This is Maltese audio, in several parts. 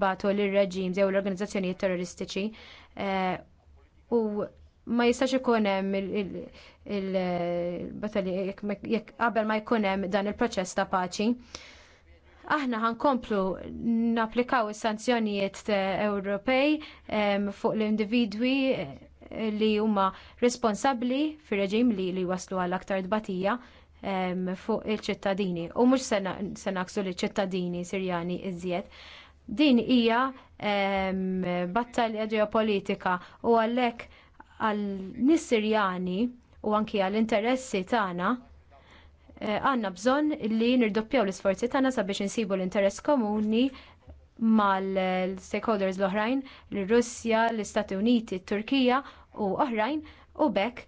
jintbatu l-reġim jew l-organizzazzjonijiet terroristiċi eh, u ma jistax ikun hemm il-battalji jekk qabel ma jkun hemm dan il-proċess ta' paċi. Aħna ħankomplu napplikaw is-sanzjonijiet Ewropej fuq l-individwi eh, li huma responsabbli fir-reġim li li waslu għal aktar dbatija fuq il-ċittadini. U mhux se naqsu liċ ċittadini Sirjani iżjed. Din hija battalja ġeopolitika u għalhekk għal nisirjani u anki għall interessi tagħna eh, għandna bżonn li nirdoppjaw l-isforzi tagħna sabiex insibu l-interess komuni mal-stakeholders l-oħrajn, l-Russja, l-Istati Uniti, t-Turkija u oħrajn u bekk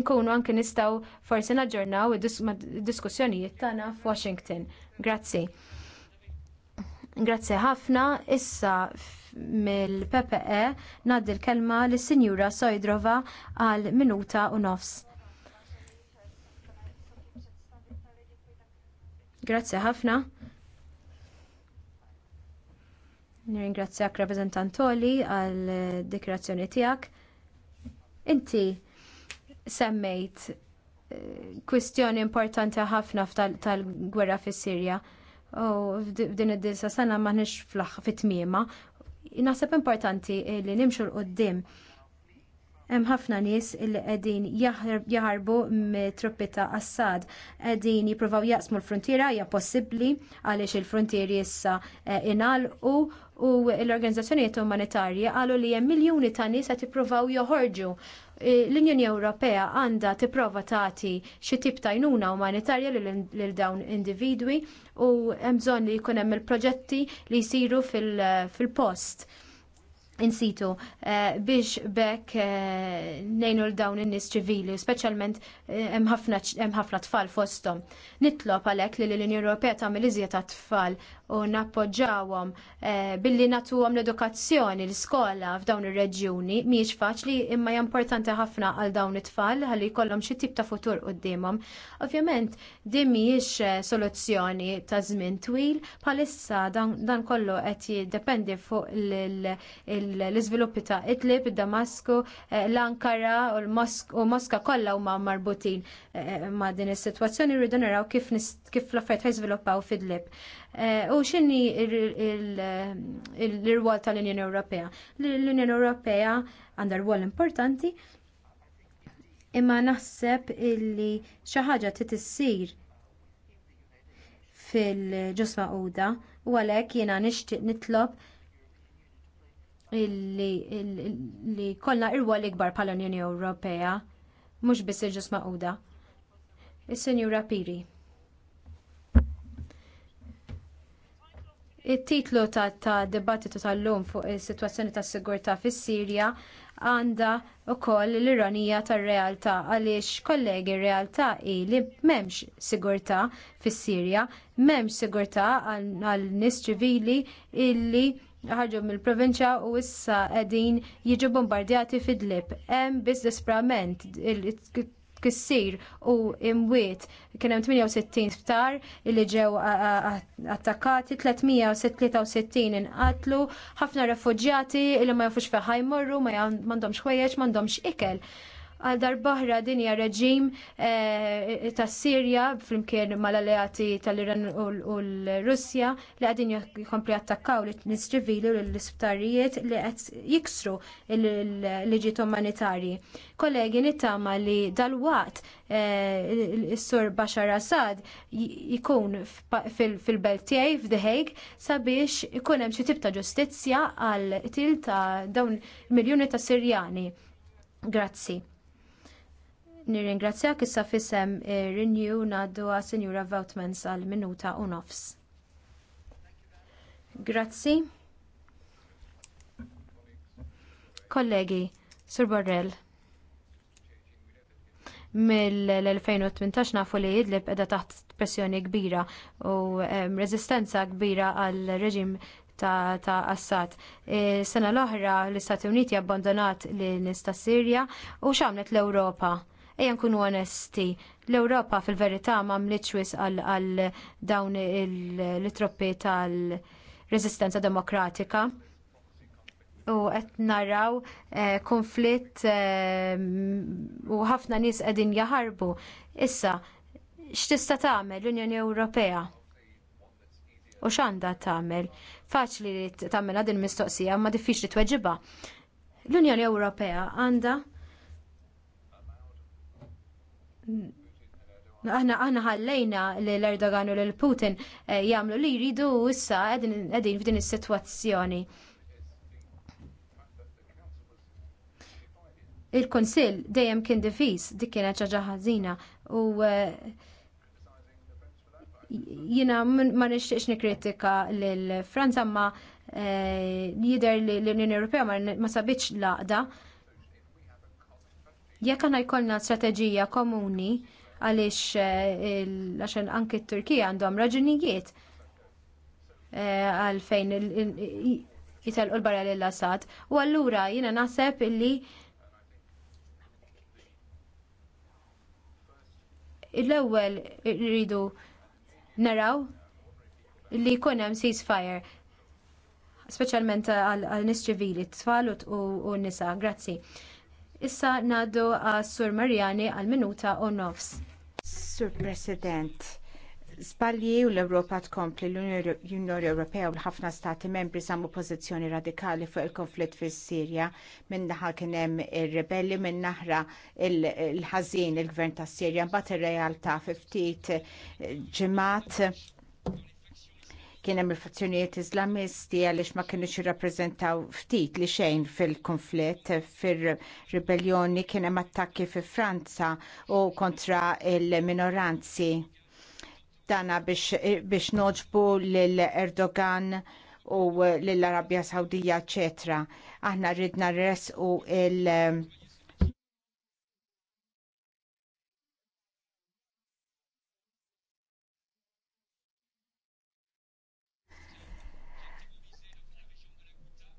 inkunu anke nistgħu forsi naġġornaw id-diskussjonijiet tagħna f'Washington. Grazzi. Grazie ħafna, issa mill-PPE ngħaddi l-kelma lis sinjura Sojdrova għal minuta u nofs. Grazzi ħafna. rappresentant Oli għal dikrazzjoni tiegħek. Inti semmejt eh, kwistjoni importanti ħafna tal-gwerra fis-Sirja. Oh f'din id-disa sena maħniex fl-aħħar fit-tmiema. Naħseb importanti li nimxu l-qoddim hemm ħafna nies li qegħdin jaħarbu mit-truppi ta' Assad. Qegħdin jippruvaw jaqsmu l-frontiera hija possibbli għaliex il-frontieri issa eh, inalqu u l-organizzazzjonijiet umanitarji qalu li hemm miljuni ta' nies qed jippruvaw joħorġu Eh, l-Unjoni Ewropea għandha tipprova tagħti xi tip ta' jnuna umanitarja lil dawn individwi u hemm bżonn li jkun hemm il-proġetti li jsiru fil-post in situ eh, biex bekk eh, nejnu l-dawn in-nies ċivili, speċjalment hemm ħafna tfal fosthom. Nitlob għalhekk li l-Unjoni Ewropea tagħmel iżjed tfal u nappoġġawhom eh, billi nagħtuhom l-edukazzjoni l-iskola f'dawn ir-reġjuni mhijiex faċli imma hija importanti ħafna għal dawn it-tfal ħalli jkollhom xi tip ta' futur qudiemhom. Ovvjament din mhijiex eh, soluzzjoni ta' żmien twil bħalissa dan, kollu qed jiddependi fuq l-iżviluppi ta' Idlib, Damasku, eh, l-Ankara u Moska kollha huma marbutin ma' din is-sitwazzjoni rridu naraw kif, l-affarijiet ħajżviluppaw fidlib. Eh, u x'inhi l-irwol tal-Unjoni Ewropea? L-Unjoni Ewropea għandha rwol importanti imma naħseb illi xi ħaġa trid issir fil-ġusma Uda u għalhekk jiena nixtieq nitlob li kollha irwol ikbar bħall-Unjoni Ewropea mhux biss il-ġusma Uda. Is-Sinjura Piri. it-titlu ta', ta dibattitu tal-lum fuq is-sitwazzjoni tas sigurtà fis-Sirja għandha wkoll l-ironija tar-realtà għaliex kollegi realtà hi li m'hemmx sigurtà fis-Sirja, m'hemmx sigurtà għal nies ċivili illi ħarġu mill-provinċja u issa qegħdin jiġu bombardjati fid-dlib. Hemm biss disprament kissir u imwiet kien hemm 68 ftar illi ġew attakkati, 363 inqatlu, ħafna refuġjati illi ma jafux fejn ħajmorru, ma m'għandhomx ħwejjeġ, m'għandhomx ikel għal darbaħra din hija reġim eh, tas Sirja flimkien mal-alleati tal-Iran u l-Russja li għadin jkompli attakkaw nis ċivili u l-isptarijiet li qed jiksru l-liġiet umanitarji. Kollegi nittama li dal-waqt eh, is-sur Bashar Assad jikun fil-belt tiegħi f'Dehejk sabiex ikun hemm xi tip ta' ġustizzja għal til ta' dawn miljuni ta' Sirjani. Grazzi. Nirringrazzjak issa fissem eh, Renew ngħaddu għas Sinjura Vautmans għal minuta u nofs. Grazzi. Kollegi, Sur Borrell. Mill-2018 nafu li jidlib edha taħt pressjoni kbira u rezistenza kbira għal reġim ta', ta Assad. E, sena l-oħra l-Istati Uniti abbandonat l-nista Sirja u xamlet l-Europa Ejja nkunu onesti, l-Ewropa fil-verità ma mliċwis għal dawn il-troppi tal rezistenza demokratika. U qed naraw eh, konflitt eh, u ħafna nies qegħdin jaħarbu. Issa, x'tista' tagħmel l-Unjoni Ewropea? U x'għandha tagħmel? Faċli li tagħmel din mistoqsija, ma diffiċli tweġibha. L-Unjoni Ewropea għandha Aħna aħna ħallejna l-Erdogan u l-Putin eh, jagħmlu li jridu issa qegħdin f'din is-sitwazzjoni. Il-Kunsill dejjem kien difiż dik kienet ċaġa ħażina u eh, jiena ma nixtieqx nikkritika lil Franza ma eh, jidher li l-Unjoni Ewropea ma sabitx laqda. Jekk għandna jkollna strateġija komuni għaliex eh, għaxen anki t-Turkija għandhom raġunijiet eh, għalfejn jitalqu l-barra l-Assad. U allura jiena naħseb illi l-ewwel rridu naraw li jkun hemm ceasefire speċjalment għal nies ċivili, t tfal u n-nisa. Grazzi. Issa ngħaddu għas Sur Marjani għal minuta u nofs. Sur President, Zbalji u l-Europa tkompli l-Unjoni Ewropea u l-ħafna stati membri samu pożizzjoni radikali fuq il-konflitt fis sirja minnaħa kien hemm ir-rebelli minn-naħra il-ħażin il-gvern tas Sirja mbagħad ir-realtà ftit ġimgħat Kien hemm il-fazzjonijiet Iżlamisti għaliex ma kienux jirrappreżentaw ftit li xejn fil-konflitt fir-ribellioni kien hemm attakki fi Franza u kontra il-minoranzi. Dana biex, biex noġbu lil Erdogan u lill arabja Sawdija, eċetera. Aħna rridna res u il-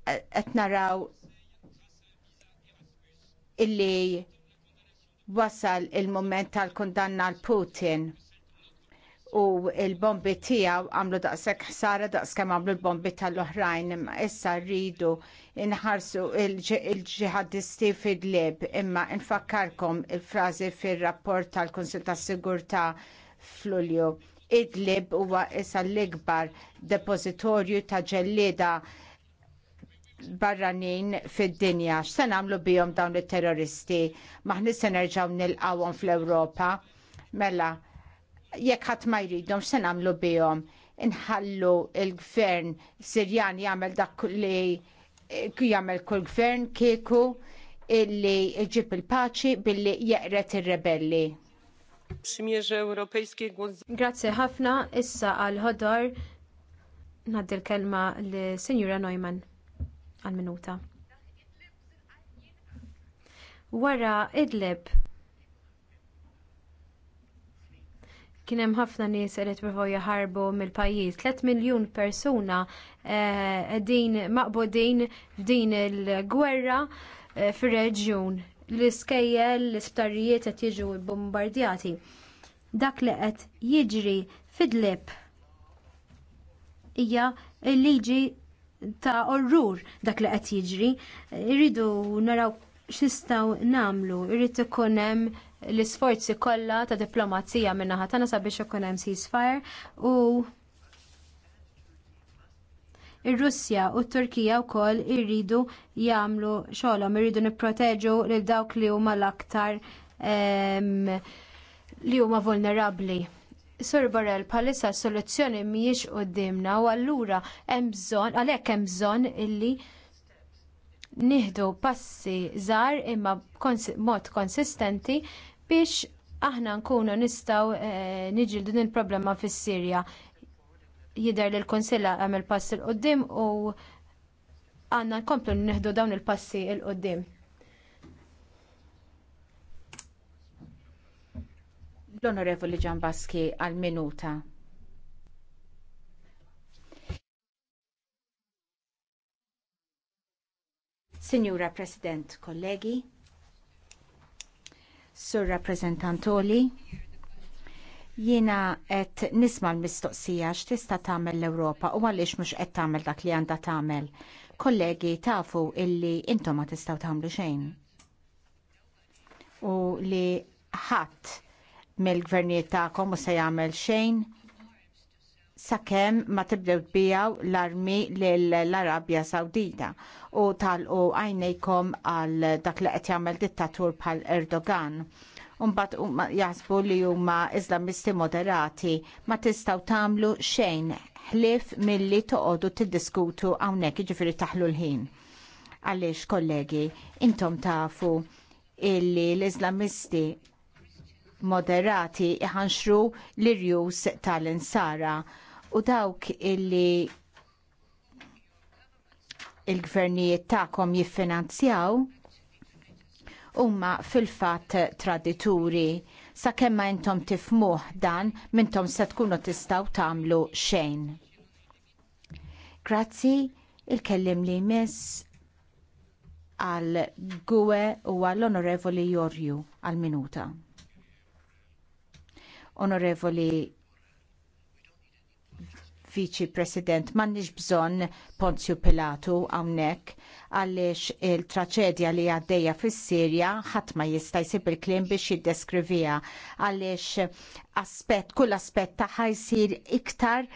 qed naraw illi wasal il-moment tal-kundanna l-Putin u il-bombi tiegħu għamlu daqshekk ħsara daqskemm għamlu l-bombi tal-oħrajn imma issa rridu inħarsu il-ġihadisti fil-lib imma nfakkarkom il-frażi fir-rapport tal-Kunsil tas-Sigurtà f'Lulju. Idlib huwa issa l-ikbar depożitorju ta' ġellieda barranin fid-dinja, x'se nagħmlu bihom dawn it-terroristi, maħni se nerġgħu nilqawhom fl-Ewropa. Mela, jekk ħadd ma jridhom x'se nagħmlu bihom, inħallu il-gvern Sirjan jagħmel dak li jagħmel kull gvern kieku illi jġib il-paċi billi jeqret ir-rebelli. Grazie ħafna issa għal ħodor Naddi l-kelma l-Sinjura Neumann għal minuta. Wara idlib kien hemm ħafna nies li jippruvaw jaħarbu mill-pajjiż. 3 miljun persuna qegħdin eh, maqbudin f'din il-gwerra eh, fir-reġjun. L-iskejjel, l-isptarijiet qed jiġu bombardjati. Dak li qed jiġri fidlib hija l-liġi ta' orrur dak li qed jiġri. Irridu naraw xistaw nagħmlu, irrid ikun hemm l-isforzi kollha ta' diplomazija min-naħa tagħna sabiex ikun hemm ceasefire u Ir-Russja u t-Turkija wkoll irridu jagħmlu xogħolhom, irridu nipproteġu lil dawk li huma l-aktar li huma vulnerabbli. Sur Borrell, palissa soluzzjoni mhijiex qudiemna u allura hemm bżonn għalhekk hemm bżonn illi nieħdu passi żgħar imma mod konsistenti biex aħna nkunu nistgħu eh, niġildu din il-problema fis-Sirja. Jidher li l-Kunsilla għamel pass il qudiem u għanna nkomplu nieħdu dawn il-passi l qoddim L-Onorevoli Ġambaski għal-minuta. Signora President, kollegi, Sur Rappresentantoli, jiena qed nisma' l-mistoqsija x'tista' tagħmel l-Ewropa u għaliex mhux qed tagħmel dak li għandha tagħmel. Kollegi tafu illi intom ma tistgħu tagħmlu xejn. U li ħadd mill-gvernijiet tagħkom u se jagħmel xejn sakemm ma tibdew tbijaw l-armi l-Arabja Sawdita u talqu għajnejkom għal dak li qed jagħmel dittatur bħal Erdogan. Umbat jasbu li huma Islamisti moderati ma tistgħu tagħmlu xejn ħlief milli toqogħdu tiddiskutu hawnhekk jiġifieri taħlu l-ħin. Għaliex kollegi, intom tafu illi l-Islamisti moderati iħanxru l-irjus tal-insara u dawk illi il-gvernijiet tagħkom jiffinanzjaw huma fil-fatt tradituri sakemm ma intom tifhmuh dan mintom se tkunu tistgħu tagħmlu xejn. Grazzi il-kellim li miss għal Gwe u għall-Onorevoli Jorju għal minuta. Onorevoli Viċi President, m'għandniex bżonn Ponzju Pilatu hawnhekk għaliex il-traċedja li għaddejja fis-Sirja ħadd ma jista' jsib il-kliem biex jiddeskriviha għaliex aspett kull aspett tagħha jsir iktar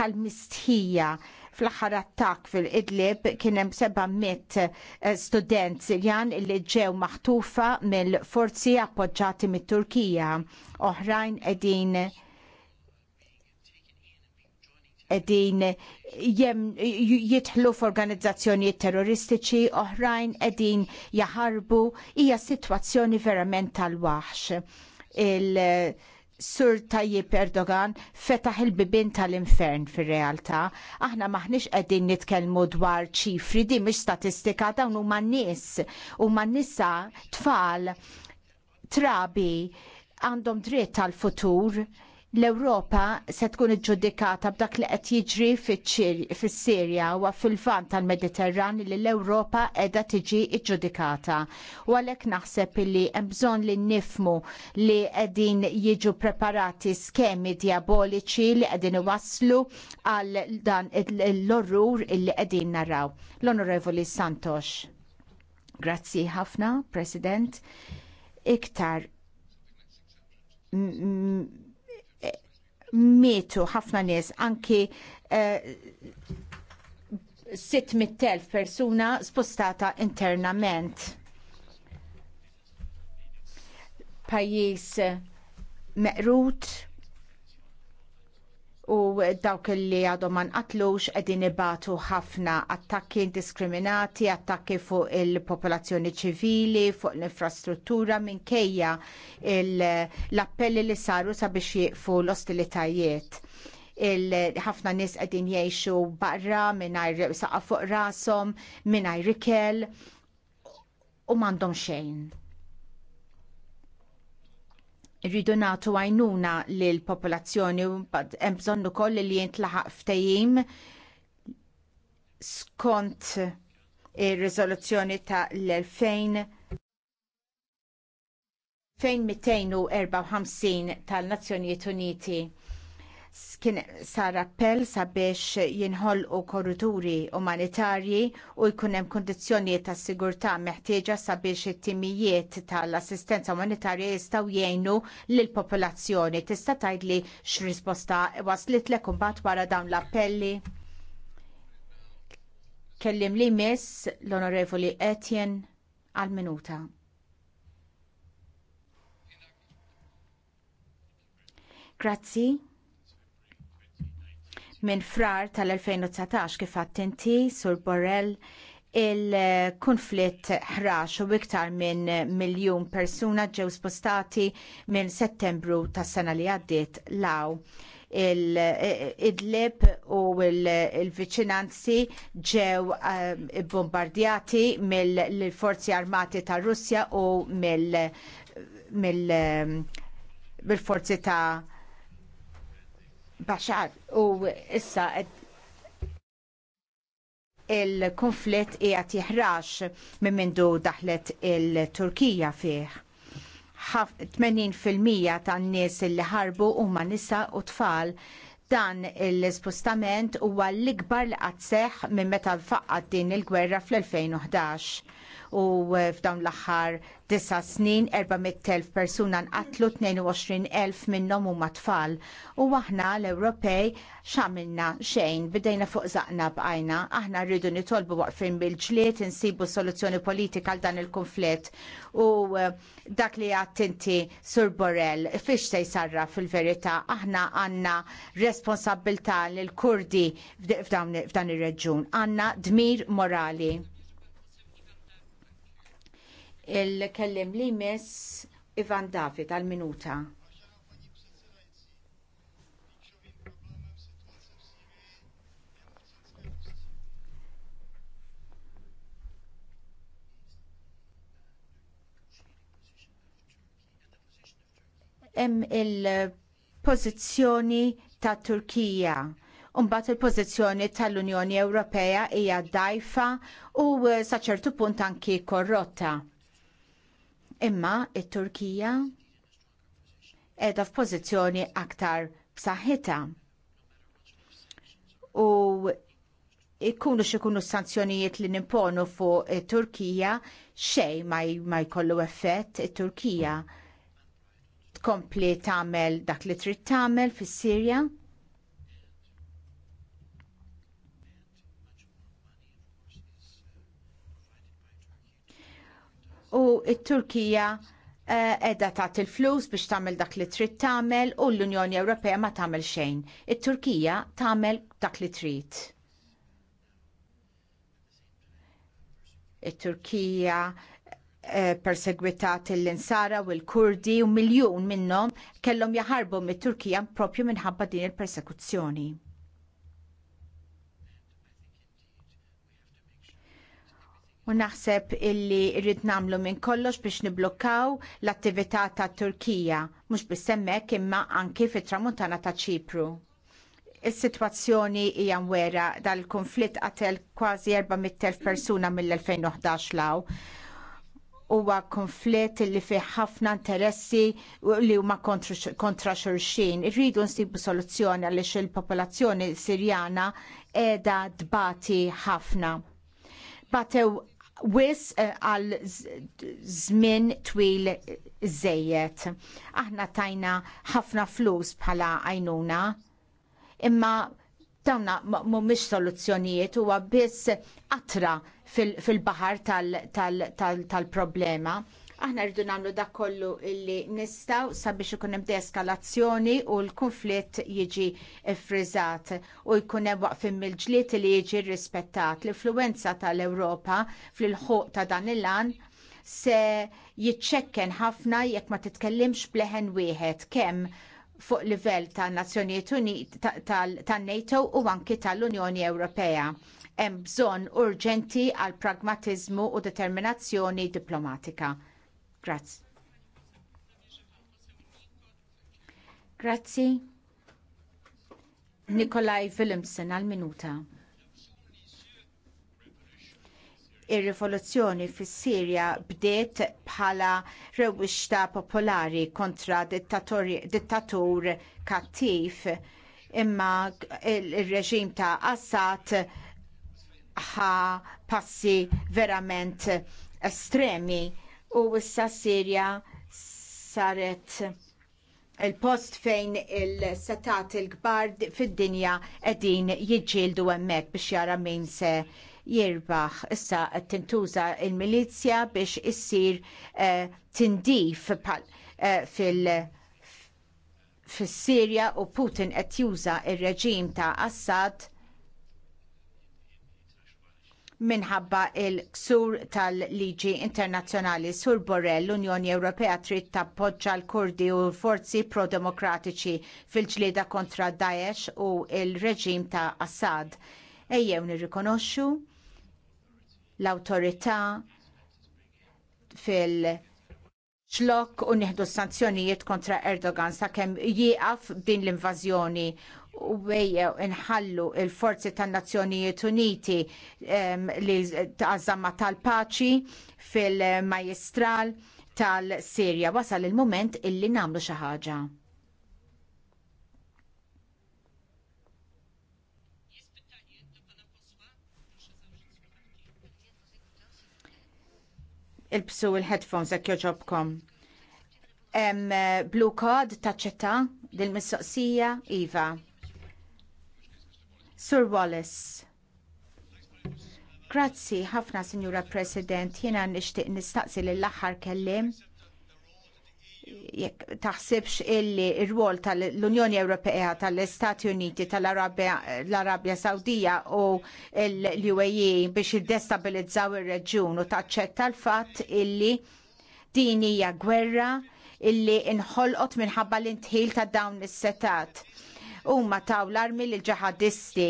tal-mistħija Fl-aħħar attakk fil-Idlib kien hemm 700 eh, student Sirjan li ġew maħtufa mill-forzi appoġġati mit-Turkija. Oħrajn qegħdin edin jitħlu f'organizzazzjoni terroristiċi oħrajn edin jaħarbu hija sitwazzjoni verament tal-waħx. Il- Sur Tayyip Erdogan fetaħ il-bibin tal-infern fir realtà Aħna maħniex qegħdin nitkellmu dwar ċifri, di mhix statistika dawn huma nies huma nisa tfal trabi għandhom dritt tal-futur l-Ewropa se tkun iġġudikata b'dak li qed jiġri fis-Sirja u fil-vant tal-Mediterran li l-Ewropa qiegħda tiġi iġġudikata. U għalhekk naħseb li hemm bżonn li nifmu li qegħdin jiġu preparati skemi diaboliċi li qegħdin iwasslu għal dan l-orrur illi qegħdin naraw. L-Onorevoli Santos. Grazzi ħafna, President. Iktar mietu ħafna nies anki eh, 600.000 persuna spostata internament. Pajjiż meqrut u dawk li għadhom ma nqatlux qegħdin ibatu ħafna attakki indiskriminati, attakki fuq il-popolazzjoni ċivili, fuq l-infrastruttura minkejja l-appelli li saru sabiex jieqfu l-ostilitajiet ħafna nies qegħdin jgħixu barra mingħajr saqa fuq rashom, mingħajr ikel u m'għandhom xejn rridu nagħtu għajnuna lill popolazzjoni u hemm bżonn ukoll li jintlaħaq ftehim skont ir-riżoluzzjoni ta' l 2254 tal-Nazzjonijiet Uniti kien sar appell sabiex jinħolqu korituri umanitarji u jkun hemm kundizzjonijiet ta' sigurtà meħtieġa sabiex it-timijiet tal-assistenza umanitarja jistgħu jgħinu lill popolazzjoni Tista' tgħidli x'risposta waslitlek imbagħad wara dawn l-appelli? Kellim li miss l-Onorevoli Etienne għal-minuta. Grazzi minn frar tal-2019 kif attenti sur Borrell il-konflitt ħrax u iktar minn miljun persuna ġew spostati minn settembru tas sena li għaddiet law il-idlib u il-vicinanzi ġew eh, bombardjati mill-forzi armati tar Russja u eh, mill-forzi ta' Bashar u issa il-konflitt qiegħed jeħrax minn mindu daħlet il-Turkija fih. 80% tan-nies li ħarbu huma nisa u tfal dan l-spostament huwa l-ikbar li qatt seħħ minn meta faqqat din il-gwerra fl-2011 u f'dawn l-aħħar Disa snin, 400.000 persuna nqatlu 22.000 minnhom huma tfal. U aħna l-Ewropej x'għamilna xejn, bidejna fuq zaqna bqajna, aħna rridu nitolbu waqfin bil ġliet insibu soluzzjoni politika għal dan il-konflitt. U eh, dak li għattinti Sur Borrell, fiex se jsarra fil-verità, aħna għandna responsabilità lill kurdi f'dan ir-reġjun, għandna dmir morali il-kellim li miss Ivan David għal minuta. Hemm il-pożizzjoni ta' Turkija Umbat il-pozizjoni tal-Unjoni Ewropea hija dajfa u saċertu punt anki korrotta. Imma t turkija qiegħda f'pożizzjoni aktar b'saħħitha. U ikunu xikunu sanzjonijiet li nimponu fuq it Turkija xej ma jkollu effett it Turkija tkompli tagħmel dak li trid tagħmel fis-Sirja u it-Turkija eh, edha tat il-flus biex tagħmel dak li trid tagħmel u l-Unjoni Ewropea ma tagħmel xejn. It-Turkija tagħmel dak li trid. It-Turkija eh, persegwitat l-insara u l-Kurdi u miljun minnhom kellhom jaħarbu mit-Turkija propju minħabba din il-persekuzzjoni. U naħseb illi rrid namlu minn kollox biex niblokkaw l-attività ta' Turkija, mhux biss semmek imma anki fit-tramuntana ta' Ċipru. Is-sitwazzjoni hija nwera dal-konflitt qatel kważi 400,000 persuna mill-2011 law. Huwa konflitt li fih ħafna interessi li huma kontra xulxin. Irridu nsibu soluzzjoni għaliex il-popolazzjoni Sirjana qiegħda dbati ħafna. Batew wis eh, għal żmien twil żejjed. Aħna tajna ħafna flus bħala għajnuna, imma dawna mhumiex soluzzjonijiet huwa biss qatra fil-baħar tal-problema. Tal, tal, tal, tal problema Aħna rridu nagħmlu dak kollu illi nistgħu sabiex ikun hemm deeskalazzjoni u l-konflitt jiġi frizzat u jkun hemm waqfim mill-ġlied li jiġi rrispettat. L-influenza tal-Ewropa fil-ħuq ta' dan il-lan se jiċċekken ħafna jekk ma titkellimx bleħen wieħed kemm fuq livell ta' Nazzjonijiet Uniti ta' NATO u anki tal-Unjoni Ewropea. Hemm bżonn urġenti għal pragmatiżmu u determinazzjoni diplomatika. Grazzi. Grazzi. Nikolaj Willemsen għal minuta. Ir-rivoluzzjoni fis-Sirja bdiet bħala rewwixta popolari kontra dittatur kattiv imma il-reġim ta' Assad ħa passi verament estremi u issa Sirja saret il-post fejn il-setat il-kbar fid-dinja qegħdin jiġġieldu hemmhekk biex jara min se jirbaħ issa tintuża l milizja biex issir uh, tindif uh, fil- fis-Sirja u Putin qed juża r reġim ta' Assad minħabba il-ksur tal-liġi internazzjonali sur Borrell l-Unjoni Ewropea trid tappoġġa l-Kurdi u l-forzi pro-demokratiċi fil-ġlieda kontra Daesh u l reġim ta' Assad. Ejjew nirrikonoxxu l-awtorità fil- ċlok u nieħdu sanzjonijiet kontra Erdogan sakemm jieqaf din l-invażjoni u wejja inħallu il-forzi tan nazzjonijiet Uniti li tażamma tal-paċi fil-majestral tal-Sirja. Wasal il mument illi nagħmlu xi ħaġa. il-psu il-headphones jekk joġobkom. Blue card taċċetta dil-mistoqsija Iva. Sur Wallace. Grazzi ħafna, Signora President. Jiena nixtieq nistaqsi lill aħħar kellim. Jekk taħsibx illi r rwol tal-Unjoni Ewropea, tal-Istati Uniti, tal-Arabja Sawdija u l-UAE biex jiddestabilizzaw ir-reġjun u taċċetta l-fatt illi din hija gwerra illi inħolqot minħabba l-intħil ta' dawn is-setat huma taw l-armi l ġihadisti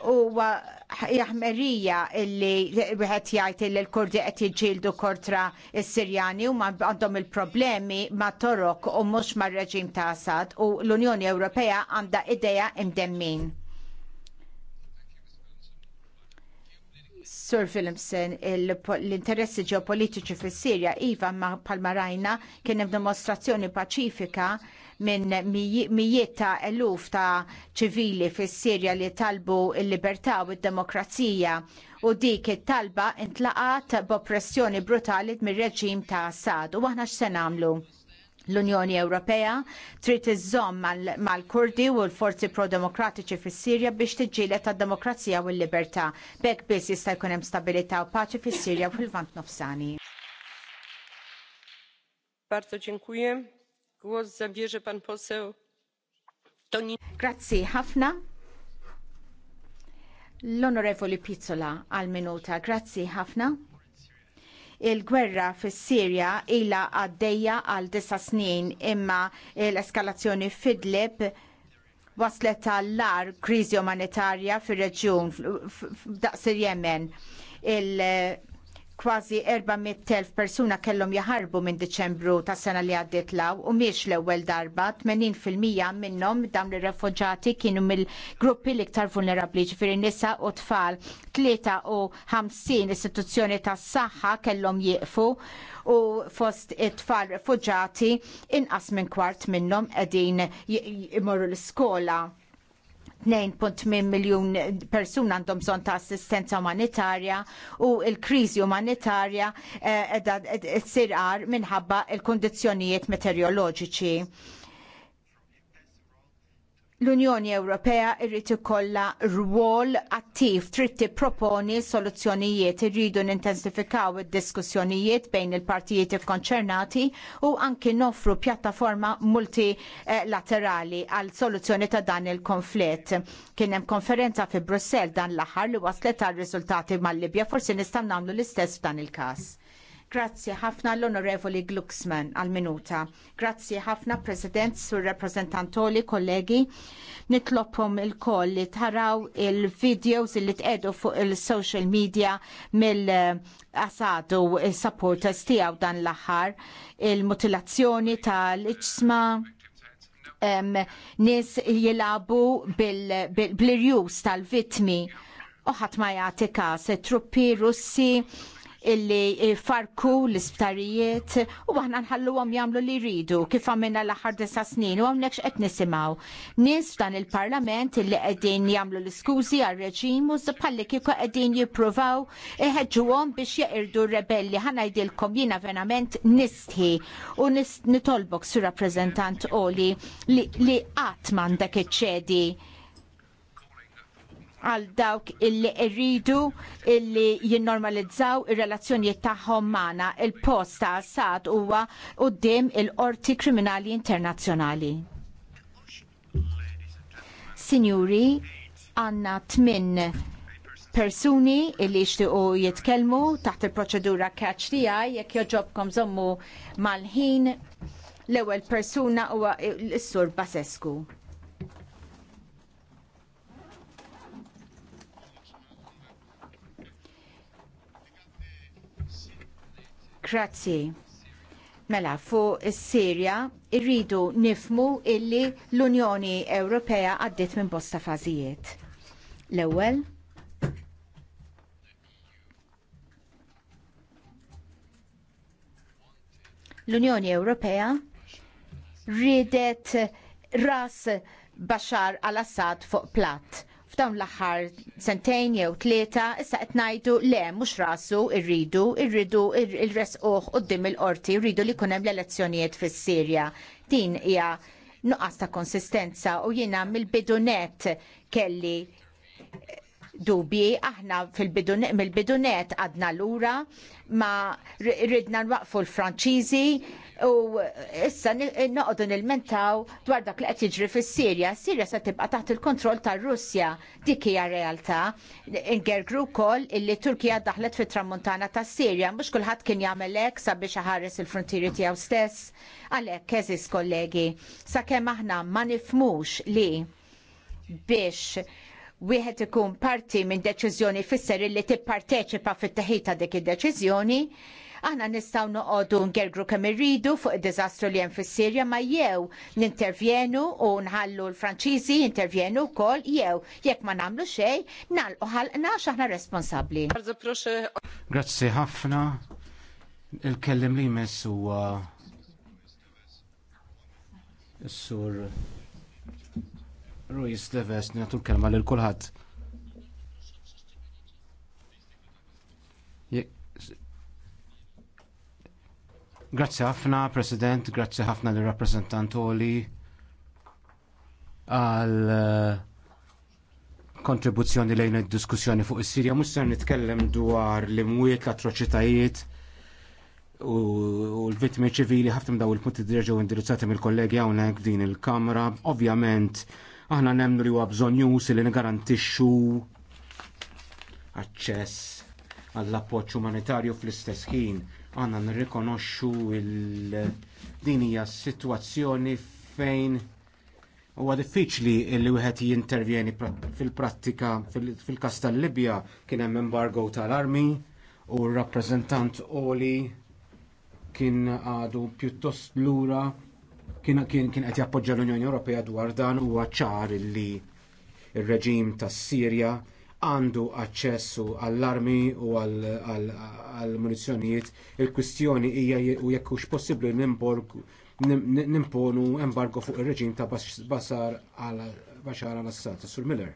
huwa jaħmerija illi wieħed jgħid li l-Kurdi qed jiġġieldu kontra s-Sirjani u għandhom il-problemi ma' Torok u mhux mar-reġim ta' Assad u l-Unjoni Ewropea għandha idea imdemmin. Sir Williamson, l-interessi ġeopolitiċi fis-Sirja iva ma' palmarajna kien hemm dimostrazzjoni paċifika minn mijiet ta' eluf ta' ċivili fis sirja li talbu l-libertà u d-demokrazija u dik it-talba intlaqat b'oppressjoni brutali mir-reġim ta' Assad. U aħna x'se nagħmlu? l-Unjoni Ewropea trid iżżomm mal-Kurdi u l-forzi pro-demokratiċi fis-Sirja biex tiġġieled tad-demokrazija u l-libertà. B'hekk biss jista' jkun hemm stabilità u paċi fis-Sirja u fil-Vant Nofsani. Bardzo dziękuję. Grazzi ħafna. L-Onorevoli Pizzola għal minuta. Grazzi ħafna il-gwerra fis sirja ilha għaddejja għal disa snin imma l-eskalazzjoni fidlib waslet għall-lar kriżi umanitarja fir reġjun daqs il-Jemen. il kważi 400.000 persuna kellhom jaħarbu minn Diċembru tas sena li għaddiet law u miex l-ewwel darba 80% minnhom dawn ir-refuġati kienu mill-gruppi l-iktar vulnerabbli ġifieri nisa u tfal. 53 istituzzjoni tas-saħħa kellhom jieqfu u fost it-tfal refuġati inqas minn kwart minnhom qegħdin imorru l-iskola 2.8 miljun persuna għandhom bżonn ta' assistenza umanitarja u l-kriżi umanitarja qiegħda eh, ssir minħabba l kundizzjonijiet meteoroloġiċi l-Unjoni Ewropea irrid ikollha rwol attiv trid tipproponi soluzzjonijiet irridu nintensifikaw id-diskussjonijiet bejn il-partijiet ikkonċernati u anki noffru pjattaforma multilaterali għal soluzzjoni ta' dan il-konflitt. Kien hemm konferenza fi Brussell dan l-aħħar li waslet għal riżultati mal-Libja forsi nistgħu nagħmlu l-istess f'dan il-każ. Grazzi ħafna l-Onorevoli Glucksman għal-minuta. Grazzi ħafna President sur rappresentantoli kollegi. Nitlobhom il-koll li taraw il-videos li tqedu fuq il-social media mill-asadu supporters tiegħu dan l-aħħar il-mutilazzjoni tal-iċsma nis jilabu bil-irjus tal-vitmi. Oħat ma jagħti każ, truppi russi illi eh, farku l-isptarijiet u aħna nħalluhom jagħmlu li jridu kif għamilna l-aħħar disa snin u hawnhekk għet nisimgħu. Nis f'dan il-Parlament illi qegħdin jagħmlu l-iskużi għar-reġim u kiko kieku qegħdin jippruvaw għom biex jeqirdu r-rebelli jdilkom jiena venament nistħi u nitolbok sur rappreżentant Oli li qatt m'għandek iċċedi għal dawk illi irridu illi jinnormalizzaw ir-relazzjonijiet taħħom tagħhom il-post ta' Assad huwa quddiem il-Qorti Kriminali Internazzjonali. Sinjuri, għandna tmin persuni illi jixtiequ jitkellmu taħt il-proċedura catch tijaj jekk joġobkom żommu mal-ħin l-ewwel persuna huwa s-sur Basescu. Grazzi. Mela, fuq is-Sirja irridu nifmu illi l-Unjoni Ewropea għaddiet minn bosta fażijiet. L-ewwel l-Unjoni Ewropea ridet ras Bashar al-Assad fuq platt f'dawn l-aħħar sentejn jew tlieta issa qed ngħidu le mhux rasu rridu, rridu il-resquh quddiem il-qorti, rridu li jkun hemm l-elezzjonijiet fis-Sirja. Din hija nuqqas ta' konsistenza u jiena mill-bidu kelli dubji aħna mill-bidunet għadna lura ma ridna nwaqfu l-Franċiżi u issa noqogħdu nilmentaw dwar dak li qed jiġri fis-Sirja. Sirja se tibqa' taħt il-kontroll tar-Russja dik hija realtà. Ingergru wkoll illi Turkija daħlet fit-tramuntana tas-Sirja mhux kulħadd kien jagħmel hekk sabiex iħares il-frontieri tiegħu stess. Għalhekk keżis kollegi, sakemm aħna ma nifmux li biex wieħed ikun parti minn deċiżjoni fisser li tipparteċipa fit-teħid ta' dik id-deċiżjoni, aħna nistgħu noqogħdu ngergru kemm irridu fuq id-diżastru li hemm fis-Sirja ma jew nintervjenu u nħallu l-Franċiżi jintervjenu wkoll jew jekk ma nagħmlu xejn nagħlqu ħalqna x'aħna responsabbli. Grazzi ħafna. Il-kellim li jmiss huwa Sur Ruiz Deves, nagħtu l-kelma lil kulħadd. Grazzi ħafna, President, grazzi ħafna li rappresentant Oli għal eh, kontribuzzjoni lejn id-diskussjoni fuq is-Sirja. Mhux ser nitkellem dwar l-imwiet, l-atroċitajiet u l-vittmi ċivili ħafna daw il-punti dirġgħu indirizzati mill-kollegi hawnhekk din il-Kamra. Ovvjament Aħna nemnu li huwa bżonjus li nigarantixxu aċċess għall-appoġġ umanitarju fl-istess ħin aħna nirrikonoxxu din hija sitwazzjoni fejn huwa diffiċli li wieħed jintervjeni fil-prattika fil-kas tal-Libja kien hemm embargo tal-armi u r-rappreżentant Oli kien għadu pjuttost lura kien qed jappoġġa l-Unjoni Ewropea dwar dan huwa ċar li ir-reġim tas-Sirja għandu aċċessu għall-armi u għall-munizzjonijiet. Il-kwistjoni hija u jekk hux possibbli nimponu embargo fuq ir-reġim ta' Bashar al-Assad, Sur Miller.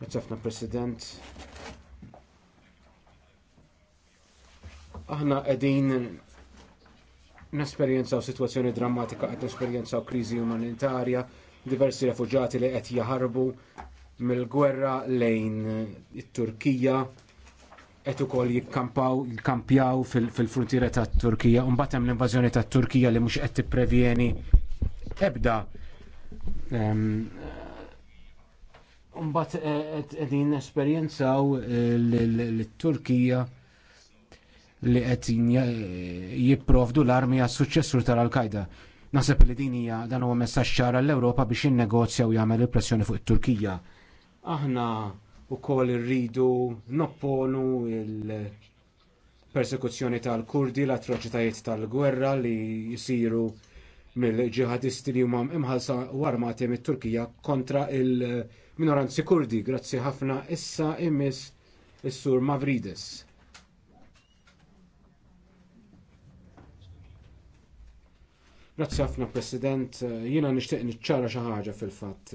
Għazzafna President. aħna qegħdin nesperjenzaw sitwazzjoni drammatika qed nesperjenzaw kriżi umanitarja, diversi refuġati li qed jaħarbu mill-gwerra lejn it-Turkija qed ukoll jikkampaw jikkampjaw fil-fruntiera tat-Turkija u mbagħad hemm l-invażjoni tat-Turkija li mhux qed tipprevjeni ebda Mbagħad eh, qegħdin nesperjenzaw l-Turkija li qed jipprovdu l-armi għas suċċessur tal al qaeda Naħseb li din hija dan huwa messaġġ ċara l-Ewropa biex innegozja u jagħmel il-pressjoni fuq it-Turkija. Aħna wkoll irridu nopponu il persekuzzjoni tal-Kurdi, l-atroċitajiet tal-gwerra li jisiru mill-ġihadisti li huma imħalsa u armati mit-Turkija kontra il-minoranzi Kurdi. Grazzi ħafna issa imis is-sur Mavrides. Grazzi ħafna President, jiena nixtieq niċċara xi ħaġa fil-fatt.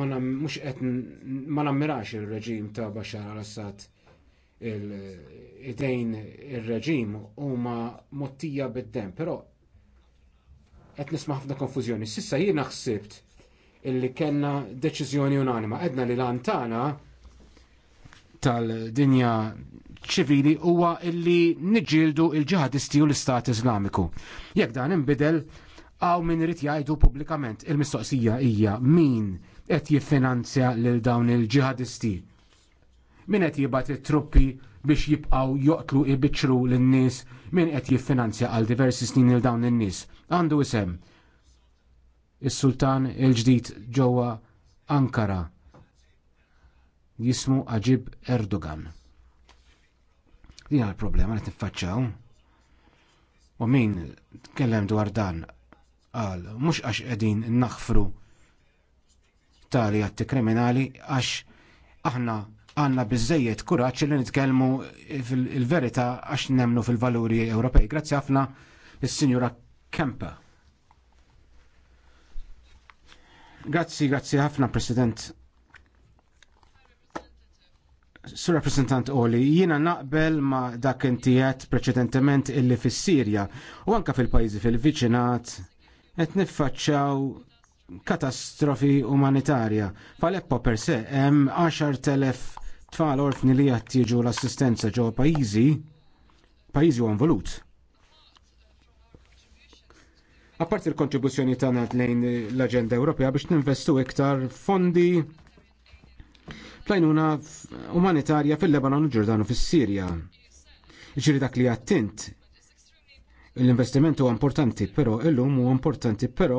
Ma qed ma nammirax ir-reġim ta' Bashar al-Assad id-dejn ir-reġim huma mottija bid-dem, però qed nisma' ħafna konfużjoni. Sissa jiena ħsibt illi kellna deċiżjoni unanima. Edna li l-antana tal-dinja ċivili huwa illi niġġieldu il-ġihadisti u l-Istat Islamiku. Jekk dan inbidel, għaw min irid jgħidu pubblikament il-mistoqsija hija min qed jiffinanzja lil dawn il-ġihadisti. Min qed jibgħat it-truppi biex jibqgħu joqtlu ibiċru lin-nies min qed jiffinanzja għal diversi snin lil dawn in-nies. Għandu isem is-sultan il il-ġdid ġewwa Ankara jismu Aġib Erdogan li għal-problema li tiffaċċaw. U min tkellem dwar dan għal mhux għax qegħdin naħfru tali għatti kriminali għax aħna għanna bizzejiet kuraċ li nitkellmu fil-verita għax nemnu fil-valuri Ewropej. Grazzi ħafna il-Sinjura Kempa. Grazzi, grazzi ħafna, President. Sur rappresentant Oli, jina naqbel ma dak intijat preċedentement illi fis-Sirja u anka fil-pajzi fil-viċinat qed niffaċċaw katastrofi umanitarja. fal per se hemm 10,000 tfal orfni li qed jiġu l-assistenza ġewwa pajjiżi pajjiżi u involut. Apparti l-kontribuzzjoni tagħna lejn l-Aġenda Ewropea biex ninvestu iktar fondi f'lajnuna umanitarja fil-Lebanon u Ġordanu fis-Sirja. Ġiri dak li għattint l-investiment huwa importanti, però illum huwa importanti, però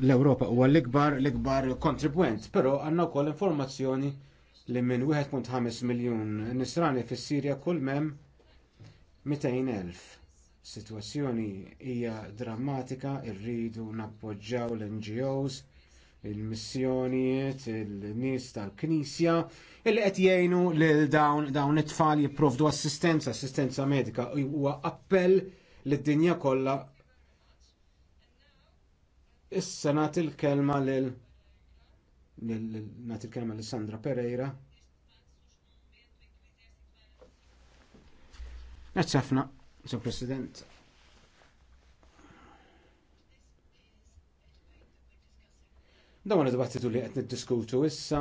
l-Ewropa huwa l-ikbar l-ikbar kontribwent, però għandna wkoll informazzjoni li minn 1.5 miljun nisrani fis-Sirja kull mem 200.000. Sitwazzjoni hija drammatika, irridu nappoġġjaw l-NGOs, il-missjonijiet, il-nies tal-knisja, illi qed jgħinu lil dawn dawn it-tfal jipprovdu assistenza, assistenza medika huwa appell lid-dinja kollha. Issa nagħti il-kelma lil nagħti il-kelma lil Sandra Pereira. Grazzi ħafna, President. Dawn id-dibattitu li qed niddiskutu issa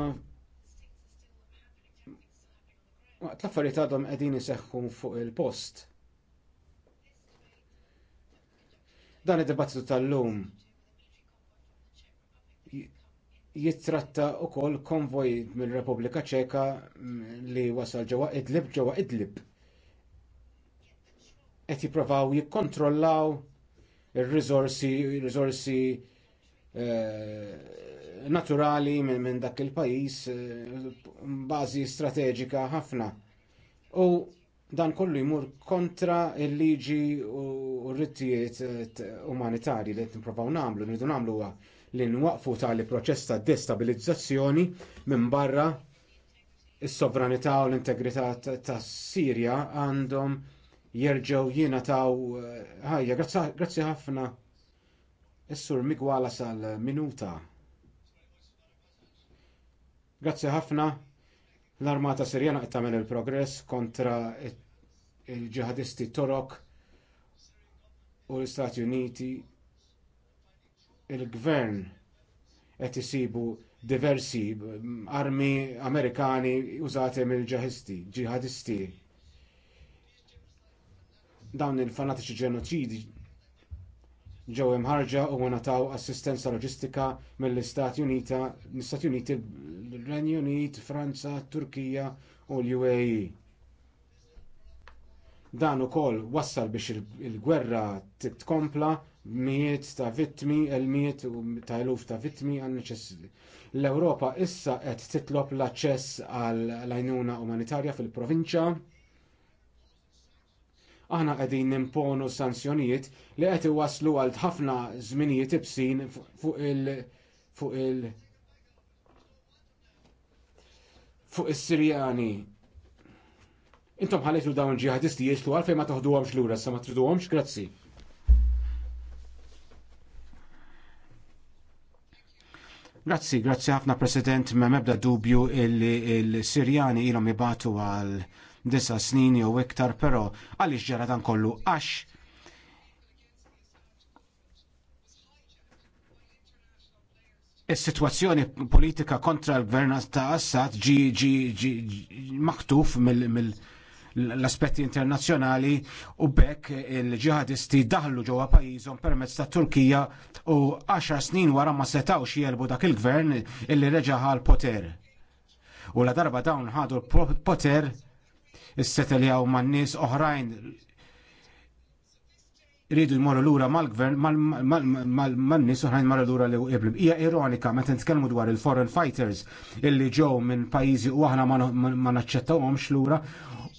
Waqt l-affarijiet għadhom qegħdin iseħħu fuq il-post. Dan id-dibattitu tal-lum jittratta wkoll konvoj mill-Repubblika Ċeka li wasal ġewwa Idlib ġewwa Idlib. Qed jipprovaw jikkontrollaw ir-riżorsi naturali minn min dak il-pajis eh, bażi strateġika ħafna. U dan kollu jmur kontra il-liġi u r-rittijiet eh, umanitarji li t-nprofaw nagħmlu, nridu namlu huwa li nwaqfu tali proċess ta' destabilizzazzjoni minn barra is-sovranità u l-integrità tas Sirja għandhom jerġgħu jiena ta' eh, ħajja, grazzi ħafna. Is-sur migwala sal-minuta. Grazzi ħafna l-armata sirjana qed tagħmel il-progress kontra il-ġihadisti Torok u l-Istati Uniti il-gvern qed isibu diversi armi Amerikani użati mill-ġihadisti. Ġihadisti. Dawn il-fanatiċi ġenoċidi ġew imħarġa u ngħataw assistenza loġistika mill-Istati Unita, l-Istati Uniti, l-Renju Unit, Franza, Turkija u l-UAE. Dan ukoll wassal biex il-gwerra titkompla mijiet ta' vittmi, elmiet u ta' eluf ta' vittmi għan L-Ewropa issa qed titlob l-aċċess għall għajnuna umanitarja fil-provinċja aħna qegħdin nimponu sanzjonijiet li qed iwasslu għal ħafna żminijiet ibsin fuq il- fuq il- fuq is-Sirjani. Intom ħalletu dawn ġihadisti jistu għalfej ma toħduhomx lura sa ma triduhomx, grazzi. Grazzi, grazzi ħafna President, ma mebda dubju il-Sirjani ilhom ibatu għal disa snin jew iktar, però għaliex ġara dan kollu għax Is-sitwazzjoni politika kontra l-gvern ta' Assad ġi, ġi, ġi, maktuf mill, aspetti internazzjonali u bekk il-ġihadisti daħlu ġewwa pajjiżhom permezz ta' Turkija u 10 snin wara ma setawx jelbu dak il-gvern illi reġa' l-poter. U la darba dawn ħadu l-poter s-seteljaw man nies oħrajn rridu jmorru lura mal-gvern mal-nies oħrajn marru lura li qiblu. Hija ironika meta nitkellmu dwar il-foreign fighters illi ġew minn pajjiżi u aħna ma naċċettawhomx lura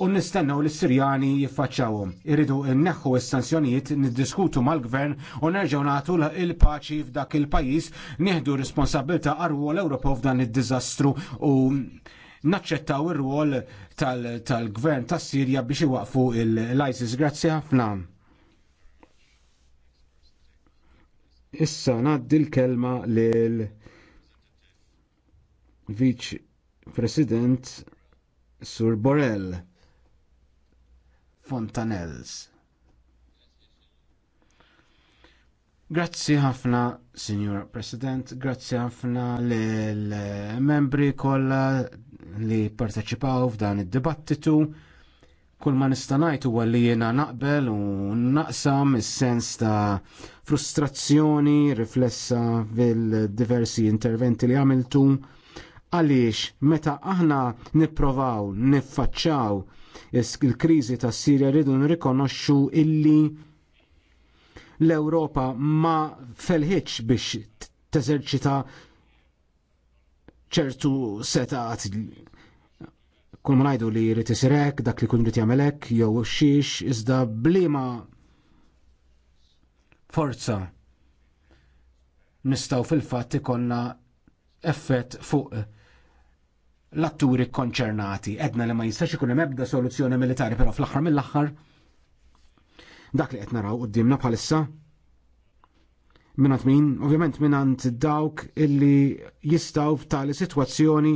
u nistennew li s-Sirjani jiffaċċawhom. Irridu nneħħu s-sanzjonijiet niddiskutu mal-gvern u nerġgħu nagħtu il-paċi f'dak il-pajjiż nieħdu responsabilità qarwu l-Ewropa f'dan id-diżastru u naċċettaw ir-rwol tal-gvern tal tas-Sirja biex iwaqfu l-ISIS. Grazzi ħafna. Issa ngħaddi l-kelma lil viċ President Sur Borrell Fontanels. Grazzi ħafna, Signor President, grazzi ħafna l-membri kollha li parteċipaw f'dan id-dibattitu. Kull ma nistanajt huwa li jiena naqbel u naqsam is-sens ta' frustrazzjoni riflessa fil-diversi interventi li għamiltu għaliex meta aħna nipprovaw niffaċċaw il-kriżi tas Sirja rridu nirrikonoxxu illi l-Ewropa ma felħitx biex teżerċita ċertu setat kull ma ngħidu li jrid isirek, dak li kun jrid jagħmelek jew xiex iżda bliema forza nistgħu fil-fatt ikonna effett fuq l-atturi konċernati. Edna li ma jistax ikun hemm ebda soluzzjoni militari, però fl-aħħar mill-aħħar dak li qed naraw qudiemna bħalissa minant min, ovvjament minant dawk illi jistaw f'tali situazzjoni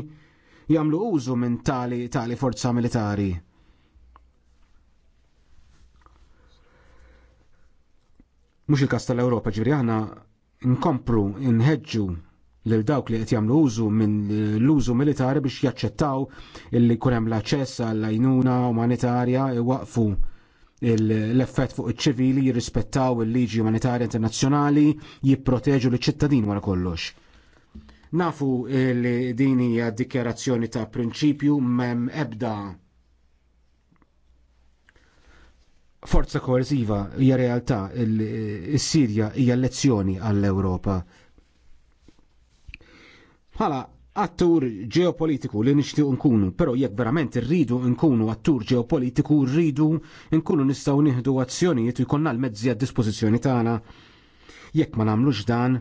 jamlu użu minn tali, tali forza militari. Mux il-kas tal-Europa ġviri nkomplu nkompru, nħedġu lil dawk li qed jagħmlu użu minn l-użu militari biex jaċċettaw illi kunem l-aċċess għall-għajnuna umanitarja waqfu l-effett fuq iċ-ċivili, jirrispettaw il-liġi umanitarja internazzjonali, jipproteġu l-ċittadin wara kollox. Nafu li din hija dikjarazzjoni ta' prinċipju mem ebda forza koerziva hija realtà is-Sirja hija lezzjoni għall-Ewropa. Ħala! attur ġeopolitiku li nixtieq nkunu, però jekk verament irridu nkunu attur ġeopolitiku rridu nkunu nistgħu nieħdu azzjonijiet u jkollna l-mezzi għad-dispożizzjoni tagħna. Jekk ma nagħmlux dan,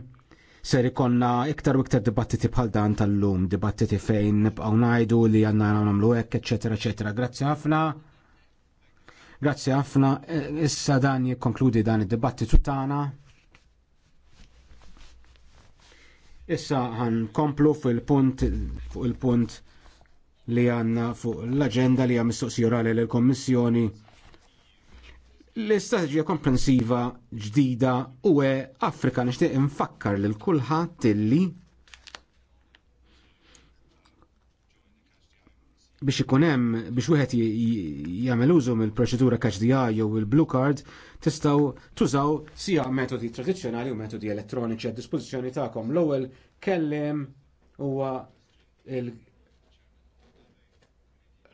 ser ikonna iktar u iktar dibattiti bħal dan tal-lum, dibattiti fejn nibqgħu ngħidu li għandna nagħmlu hekk, eċetera, eċetera. Grazzi ħafna. Grazzi ħafna. E, issa dan jikkonkludi dan id-dibattitu tagħna. Issa għan komplu fil-punt fuq il-punt li għanna fuq l-agenda li għam istoqsijorali l komissjoni l-istrategija komprensiva ġdida u Afrika nixtieq infakkar lil kulħat illi biex ikun hemm biex wieħed jagħmel użu mill-proċedura catch jew il-blue card tistgħu tużaw sija metodi tradizzjonali u metodi elettroniċi għad dispożizzjoni tagħkom. L-ewwel kellem huwa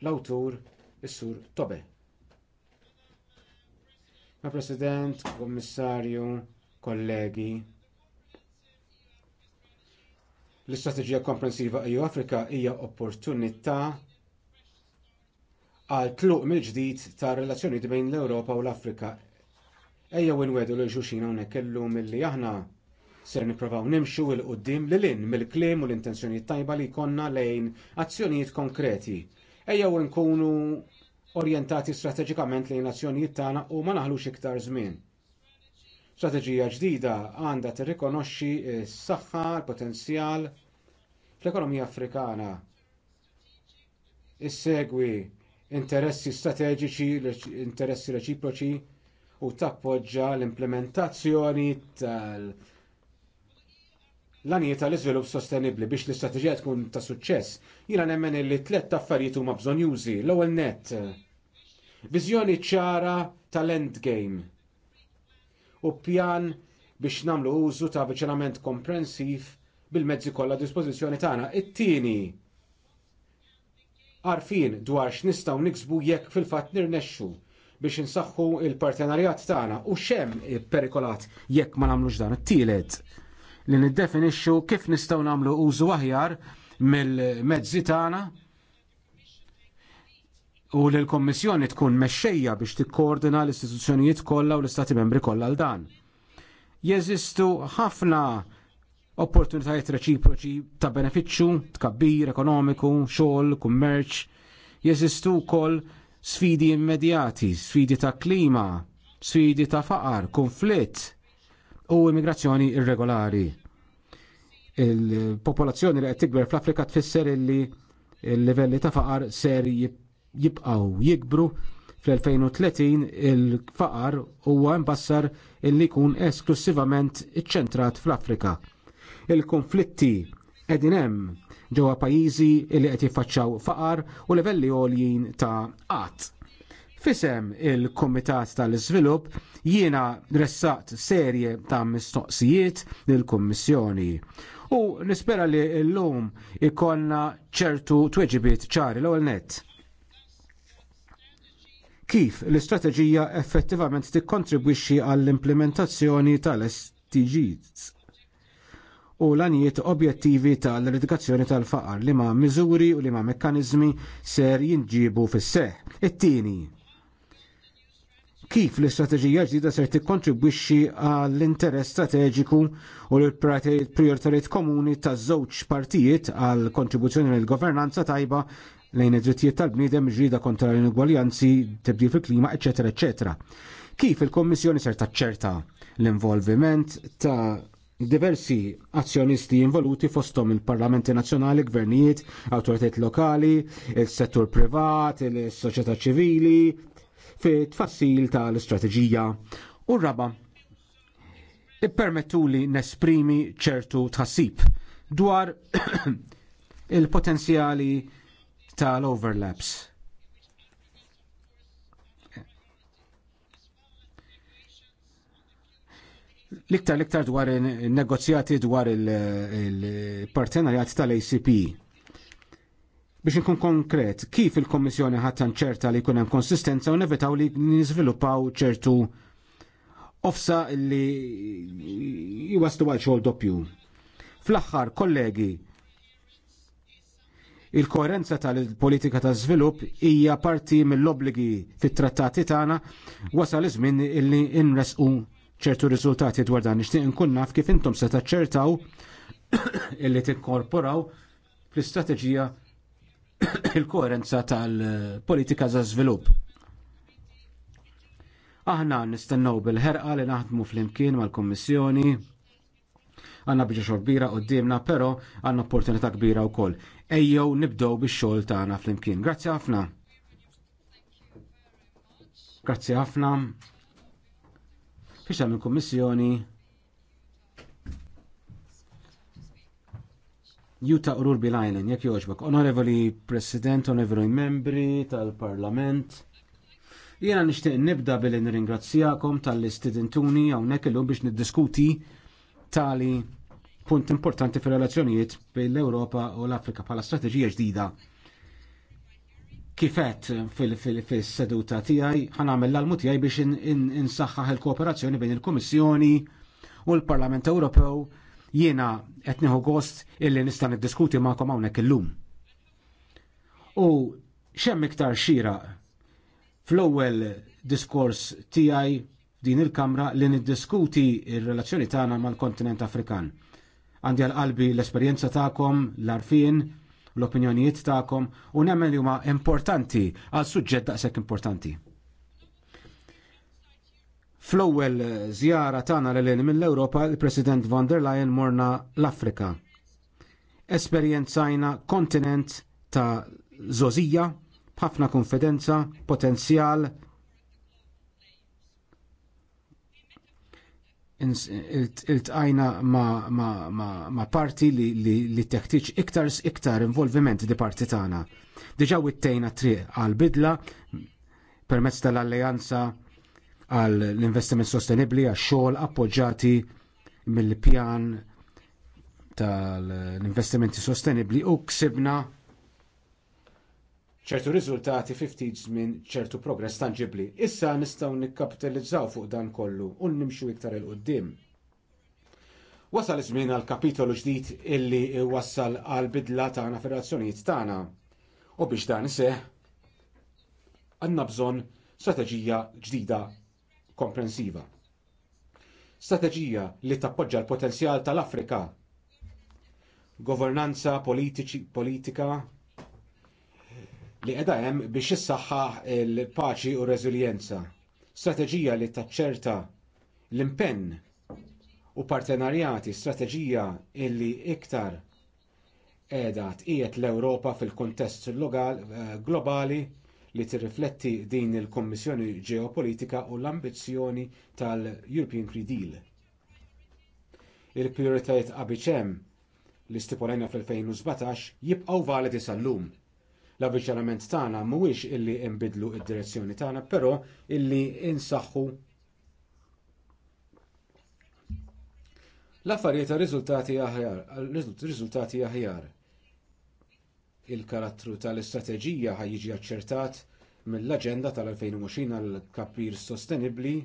l-awtur is-sur Tobe. Ma' President, Kommissarju, kollegi, l-istrateġija komprensiva EU Afrika hija opportunità għal tluq mill-ġdid ta' relazzjoni bejn l-Ewropa u l-Afrika. Ejja nwedu l xuxin hawnhekk illum milli aħna ser nipprovaw nimxu il qudiem l in mill-kliem u l-intenzjoni tajba li jkollna lejn azzjonijiet konkreti. Ejja u nkunu orjentati strateġikament lejn azzjonijiet tagħna u ma naħlux iktar żmien. Strateġija ġdida għandha tirrikonoxxi s-saħħa, l-potenzjal fl-ekonomija Afrikana. is-segwi interessi strateġiċi, interessi reċiproċi u tappoġġa l-implementazzjoni tal- l-għanijiet tal-izvilup sostenibli biex l-istrateġija tkun ta' suċċess. Jina nemmen li tlet affarijiet huma jużi L-ewwel net. Viżjoni ċara tal-endgame. U pjan biex namlu użu ta' avviċinament komprensiv bil-mezzi kollha dispożizzjoni tagħna. It-tieni għarfin dwar x'nistgħu niksbu jekk fil-fatt nirnexxu biex insaħħu il-partenarjat tagħna u xem perikolat jekk ma nagħmlux dan it-tielet li niddefinixxu kif nistgħu nagħmlu użu aħjar mill-mezzi tagħna u li l-Kommissjoni tkun mexxejja biex tikkoordina l-istituzzjonijiet kollha u l-Istati membri kollha għal dan. Jeżistu ħafna opportunitajiet reċiproċi ta' benefiċċju, tkabbir ekonomiku, xogħol, kummerċ. Jeżistu wkoll sfidi immedjati, sfidi ta' klima, sfidi ta' faqar, konflitt u immigrazzjoni irregolari. Il-popolazzjoni li qed tikber fl-Afrika tfisser illi il-livelli ta' faqar ser jibqaw jikbru fl-2030 il-faqar huwa mbassar illi jkun esklusivament iċċentrat fl-Afrika Il-konflitti qegħdin hemm ġewwa pajjiżi li qed jiffaċċjaw faqar u livelli għoljin ta' qatt. Fisem il-Komitat tal-Iżvilupp jiena ressaqt serje ta' mistoqsijiet lill-Kummissjoni. U nispera li llum ikollna ċertu tweġibiet ċari l-ewwel nett. Kif l-istrateġija effettivament tikkontribwixxi għall-implementazzjoni tal-STGs? u l-anijiet objettivi tal-redikazzjoni tal-faqar li ma' miżuri u li ma' mekkanizmi ser jinġibu fis-seħ. It-tieni, kif l-istrateġija ġdida ser tikkontribwixxi għall-interess strateġiku u l-prioritajiet komuni taż-żewġ partijiet għall kontribuzzjoni lill governanza tajba lejn id-drittijiet tal-bniedem ġrida kontra l-inugwaljanzi, tibdil fil-klima, eċetera, eċetera. Kif il-Kommissjoni ser taċċerta l-involviment ta' diversi azzjonisti involuti fostom il-Parlamenti Nazzjonali, Gvernijiet, Awtoritajiet Lokali, il-settur privat, il-soċjetà ċivili, fi tfassil tal-istrateġija. U raba, permettu li nesprimi ċertu tħassib dwar il-potenzjali tal-overlaps L-iktar l-iktar dwar negozjati dwar il-partenarjat tal-ACP. Biex nkun konkret, kif il-Kommissjoni ħattan ċerta li jkun hemm konsistenza u nevitaw li niżviluppaw ċertu ofsa li jwastu għal xogħol doppju. Fl-aħħar, kollegi, il-koerenza tal-politika ta' żvilupp hija parti mill-obbligi fit-trattati tagħna wasal iż-żmien illi nresqu ċertu riżultati dwar dan nixtieq inkun naf kif intom se taċċertaw illi tikkorporaw fl-istrateġija il-koerenza tal-politika za' żvilupp. Aħna nistennew bil-ħerqa li naħdmu fl-imkien mal-Kommissjoni għanna bieġa xogħol kbira qoddimna, però għanna opportunità kbira wkoll. Ejjew nibdew bix-xogħol tagħna fl-imkien. Grazzi ħafna. Grazzi ħafna kif għamil kummissjoni Juta Urur Bilajnen, jekk jogħġbok, onorevoli President, onorevoli membri tal-Parlament. Jiena nixtieq nibda billi nirringrazzjakom tal-istidentuni hawnhekk illum biex niddiskuti tali punt importanti fir relazzjonijiet bejn l-Ewropa u l-Afrika bħala strategija ġdida kifet fil-seduta tiegħi ħanamel l-almu tiegħi biex insaħħaħ il-kooperazzjoni bejn il-Kummissjoni u l-Parlament Ewropew jiena qed nieħu gost illi nista' niddiskuti magħkom hawnhekk illum. U xemm iktar xira fl-ewwel diskors tiegħi din il-Kamra li niddiskuti ir-relazzjoni tagħna mal-kontinent Afrikan. Għandi għal qalbi l-esperjenza tagħkom, l-arfin, l-opinjonijiet tagħkom u nemmen li huma importanti għal suġġett daqshekk importanti. Fl-ewwel żjara tagħna lil mill-Ewropa, il-President von der Leyen morna l-Afrika. Esperjenzajna kontinent ta' żożija, b'ħafna konfidenza, potenzjal, iltqajna ma, ma, ma, ma parti li, li, li teħtieġ iktar iktar involviment di parti tagħna. Diġà wittejna triq għal bidla permezz tal-Alleanza għal l-investiment sostenibli għax xogħol appoġġjati mill-pjan tal-investimenti sostenibli u ksibna ċertu riżultati fi ftit żmien ċertu progress tanġibli. Issa nistgħu nikkapitalizzaw fuq dan kollu u nimxu iktar il qudiem Wasal iż-żmien għal kapitolu ġdid illi wassal għal bidla tagħna fir-razzjonijiet tagħna. U biex dan iseħ għandna bżonn strateġija ġdida komprensiva. Strateġija li tappoġġa l-potenzjal tal-Afrika. Governanza politiċi, politika, li qiegħda hemm biex issaħħaħ il-paċi u r-reżiljenza. Strateġija li taċċerta l-impenn u partenarjati strateġija illi iktar qiegħda tqiet l-Ewropa fil-kuntest eh, globali li tirrifletti din il kummissjoni Ġeopolitika u l-ambizzjoni tal-European Green Deal. Il-prioritajiet qabiċem li stipolajna fl-2017 jibqgħu validi sal-lum L-avviċarament tagħna mhuwiex illi nbidlu id-direzzjoni tagħna, però illi insaħħu l-affarijiet riżultati aħjar, riżultati aħjar. Il-karattru tal-istrateġija ħaj jiġi aċċertat mill-aġenda tal-2020 għal kapir sostenibbli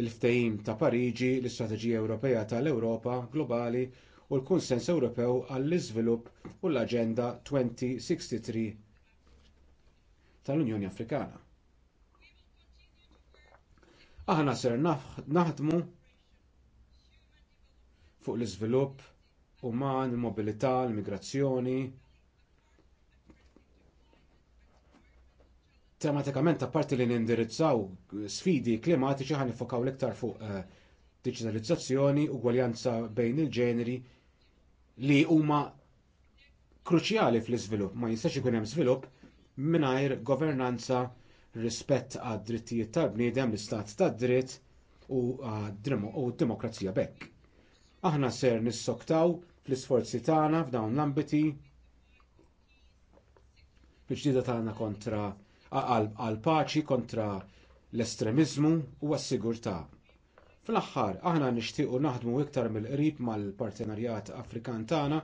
il-ftehim ta' Pariġi, l-Istrateġija Ewropea tal-Ewropa Globali u l-Kunsens Ewropew għall-Iżvilupp u l-Aġenda 2063 tal-Unjoni Afrikana. Aħna ser naħdmu fuq l-iżvilupp uman, mobilità, l-migrazzjoni. Tematikament apparti li nindirizzaw sfidi klimatiċi nifokaw l-iktar fuq uh, digitalizzazzjoni, ugwaljanza bejn il-ġeneri, li huma kruċjali fl-iżvilupp, ma jistax ikun hemm żvilupp mingħajr governanza rispett għad drittijiet tal-bniedem, l-istat tad dritt u d-demokrazija bekk. Aħna ser nissoktaw fl-isforzi tagħna f'dawn l-ambiti fil-ġdida tagħna kontra għal paċi kontra l estremiżmu u għas-sigurtà. Fl-aħħar, aħna nixtiequ naħdmu iktar mill-qrib mal-partenarjat Afrikan tagħna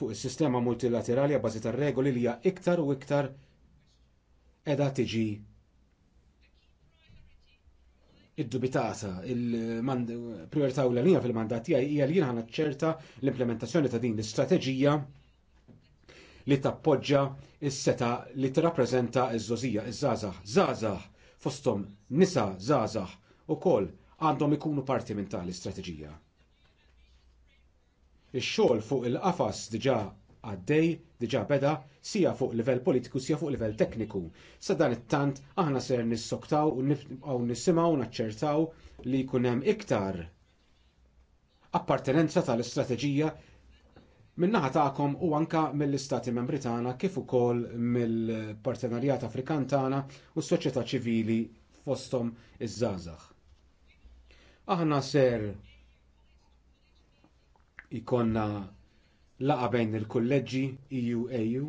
fuq is-sistema multilaterali bażi tar-regoli li hija iktar u iktar qiegħda tiġi iddubitata il-priorità u l fil-mandat tiegħi hija li jiena naċċerta l-implementazzjoni ta' din l-istrateġija li tappoġġa is-seta li tirrappreżenta ż-żożija, iż-żgħażagħ, żgħażagħ fosthom nisa żgħażagħ ukoll għandhom ikunu parti minn tal-istrateġija. Ix-xogħol fuq il-qafas diġà għaddej diġà beda sija fuq livell politiku sija fuq livell tekniku. Sa dan it-tant aħna ser nissoktaw u nibqgħu nisimgħu naċċertaw li jkun hemm iktar appartenenza tal-istrateġija Minnaħa tagħkom u anka mill-Istati Membri tagħna kif ukoll mill-Partenarjat Afrikan tagħna u s-soċjetà ċivili fosthom iż-żgħażagħ. Aħna ser ikonna laqa bejn il-kolleġġi EU-EU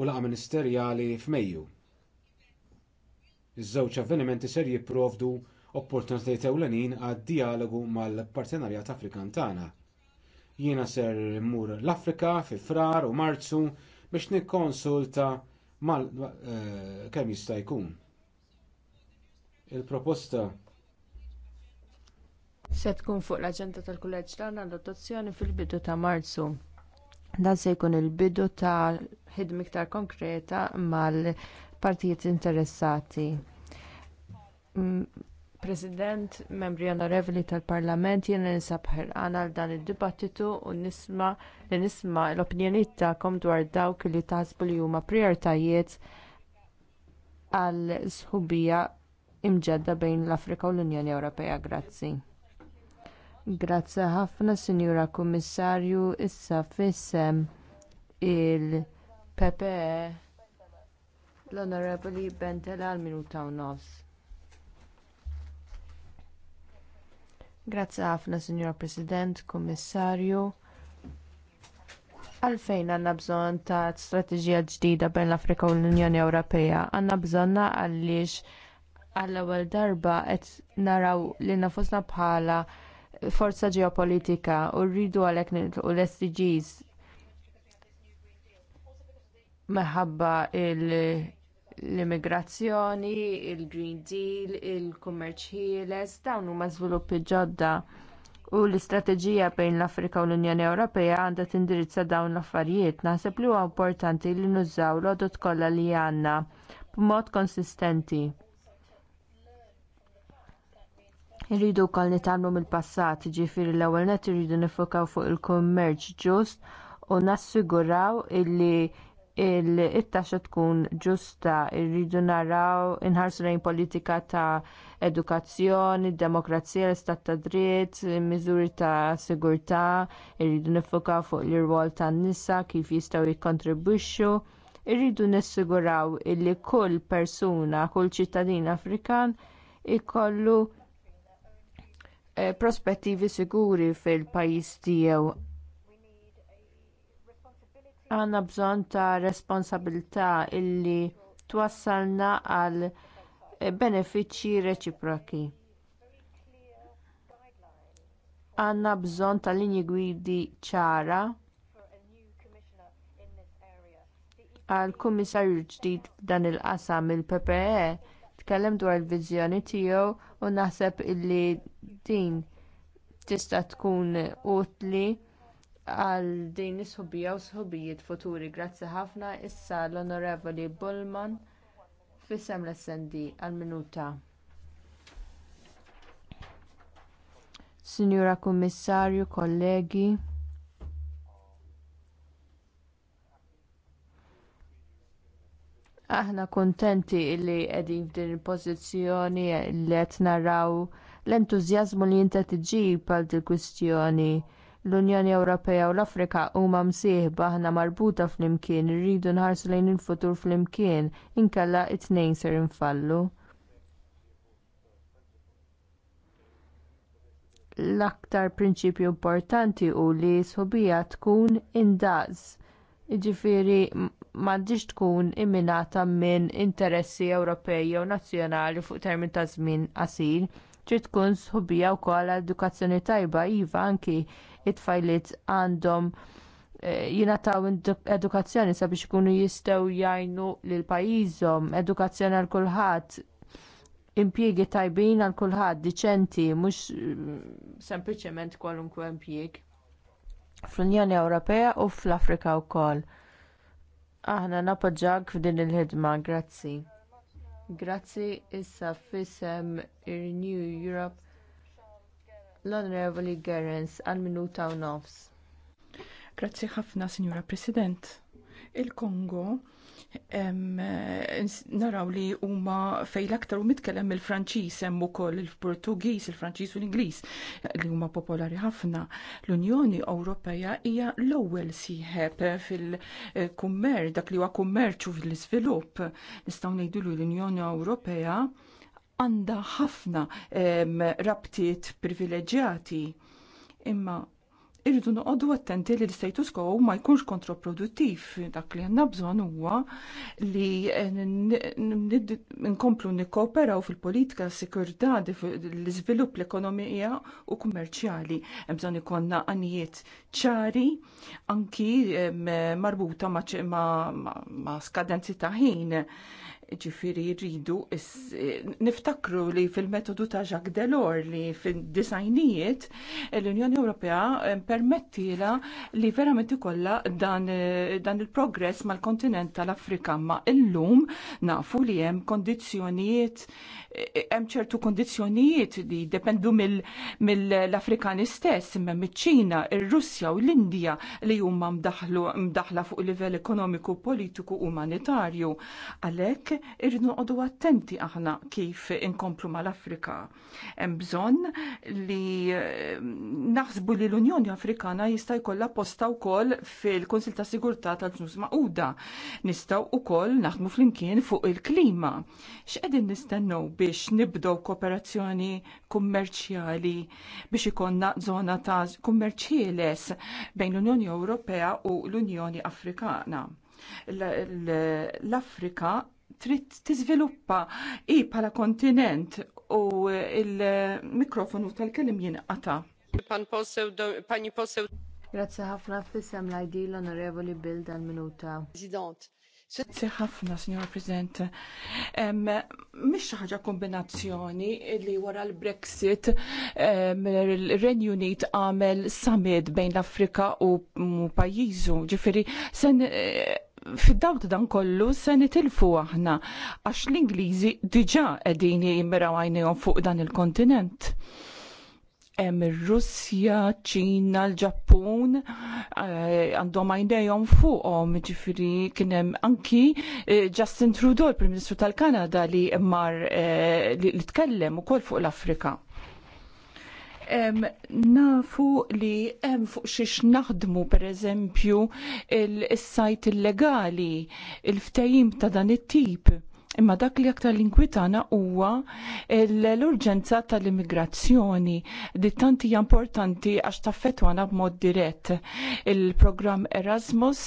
u laqa ministerjali f'Mejju. Iż-żewġ avvenimenti ser jipprovdu opportunitajiet ewlenin għad dialogu mal-Partenarjat Afrikan tagħna. Jiena ser mmur l-Afrika fi frar u Marzu biex nikkonsulta mal eh, kemm jista' jkun. Il-proposta Se tkun fuq l-aġenda tal-kulleġġ tagħna l-adozzjoni fil-bidu ta' Marzu. Dan se jkun il-bidu ta' ħidm iktar konkreta mal-partijiet interessati. President, membri onorevoli tal-Parlament, jena nisab ħerqan għal dan id-dibattitu u nisma li nisma l-opinjoniet ta'kom dwar dawk li taħsbu li huma prioritajiet għal sħubija imġedda bejn l-Afrika u l-Unjoni Ewropea. Grazzi. Grazzi ħafna, Sinjura Kummissarju, issa fissem il-PPE l-Onorevoli Bentela għal minuta u nofs. Grazzi ħafna, Signor President, Kommissarju. Għalfejn għandna bżonn ta' strateġija ġdida bejn l-Afrika u l-Unjoni Ewropea. Għandna bżonna għaliex għall-ewwel darba qed naraw li nafusna bħala forza ġeopolitika u rridu għalhekk u l-SDGs meħabba l-immigrazzjoni, il-Green Deal, il-kummerċ ħieles, dawn huma żviluppi ġodda u l-istrateġija bejn l-Afrika u l-Unjoni Ewropea għandha tindirizza dawn l-affarijiet. Naħseb li huwa importanti li nużaw l kollha li għandna b'mod konsistenti. Irridu wkoll nitalmu mill-passat, ġifieri l-ewwel net irridu nifokaw fuq il-kummerċ ġust u nassiguraw illi it-taxxa tkun ġusta, irridu naraw inħarsu lejn politika ta' edukazzjoni, demokrazija, l-istat ta' dritt, miżuri ta' sigurtà, irridu nifokaw fuq l-irwol tan-nisa kif jistgħu jikkontribwixxu irridu nissiguraw illi kull persuna, kull ċittadin Afrikan ikollu Eh, prospettivi siguri fil-pajis tiegħu. Għanna bżon ta' responsabilta illi twassalna għal eh, benefiċċji reċiproki. Għanna bżonn ta' linji gwidi ċara għal kummissarju ġdid f'dan il-qasam il-PPE tkellem dwar il-viżjoni tiegħu u naħseb illi din tista' tkun utli għal din is-sħubija u sħubijiet futuri. Grazzi ħafna issa l-Onorevoli Bullman fissem l-SND għal minuta. Signora Kummissarju, kollegi, aħna kuntenti li qegħdin f'din il-pożizzjoni li qed naraw l-entużjażmu li inta tiġib għal il kwistjoni l-Unjoni Ewropea u l-Afrika huma msieħba aħna marbuta flimkien irridu nħarsu lejn il-futur flimkien inkella t tnejn ser infallu. L-aktar prinċipju importanti hu li sħobija tkun indaqs. Jiġifieri m'għandix tkun imminata minn interessi Ewropej jew nazzjonali fuq termin ta' żmien qasir trid tkun sħubija wkoll edukazzjoni tajba iva anki it-tfajliet għandhom eh, jingħataw edukazzjoni sabiex ikunu jistgħu jgħinu lil pajjiżhom, edukazzjoni għal kulħadd, impjiegi tajbin għal kulħadd diċenti, mhux mm, sempliċement kwalunkwe impjieg. Fl-Unjoni Ewropea u fl-Afrika wkoll. Aħna napoġġak f'din il-ħidma, grazzi. Grazzi issa fisem ir-New Europe l-Onorevoli Gerens għal minuta u nofs. Grazzi ħafna, Signora President. Il-Kongo naraw li huma fej l-aktar u mitkellem il-Franċiż hemm ukoll il-Portugiż, il-Franċiż u l-Ingliż li huma popolari ħafna. L-Unjoni Ewropea hija l-ewwel sieħeb fil-kummer dak li huwa kummerċu fil-iżvilupp. Nistgħu ngħidu l-Unjoni Ewropea għandha ħafna rabtiet privileġġjati imma irridu noqogħdu attenti li l-status quo ma jkunx kontraproduttiv dak li għandna bżonn huwa li nkomplu nikkooperaw fil-politika sikurità l-iżvilupp l-ekonomija u kummerċjali. Hemm bżonn ikollna għanijiet ċari anki marbuta ma' skadenzi ta' ħin ġifiri rridu niftakru li fil-metodu ta' Jacques Delors li fil-disajnijiet l-Unjoni Ewropea eh, permettila li verament ikolla dan, eh, dan il-progress mal-kontinent tal-Afrika ma illum nafu li hemm kondizzjonijiet hemm ċertu kondizzjonijiet li jdependu mill-Afrikani mil stess, imma miċ-Ċina, ir-Russja u l-Indija li huma mdaħla fuq livell ekonomiku, politiku, umanitarju. Għalhekk irridu noqogħdu attenti aħna kif inkomplu mal-Afrika. Hemm bżonn li eh, naħsbu li l-Unjoni Afrikana jista' jkollha posta wkoll fil-Kunsil ta' Sigurtà tal-Ġnus Maquda. Nistgħu wkoll naħdmu flimkien fuq il-klima. X'qegħdin nistennew biex nibdow kooperazzjoni kummerċjali biex ikonna zona ta' kummerċieles bejn l-Unjoni Ewropea u l-Unjoni Afrikana. L-Afrika trid tiżviluppa i bħala kontinent u il-mikrofonu tal-kelim jinqata. Grazie ħafna fissem l-ID l-Onorevoli Bill dal-Minuta. President, Sitzi ħafna, Signor President. Mish ħaġa kombinazzjoni li wara l-Brexit il-Renju Unit għamel summit bejn l-Afrika u pajizu. Ġifiri, sen eh, fid-dawt dan kollu se nitilfu aħna għax l-Ingliżi diġa qegħdin jimmiraw għajnejhom fuq dan il-kontinent hemm ir-Russja, ċina, l-Ġappun eh, għandhom għajnejhom fuqhom, ġifieri kien hemm anki eh, Justin Trudeau, il-Prim-Ministru tal-Kanada li mar eh, li tkellem ukoll fuq l-Afrika nafu li hemm fuq xiex naħdmu pereżempju il-sajt illegali, il-ftajim ta' dan it-tip. Imma dak li aktar l-inkwitana huwa l-urġenza tal-immigrazzjoni. tant hija importanti għax taffetwana b'mod dirett. Il-programm Erasmus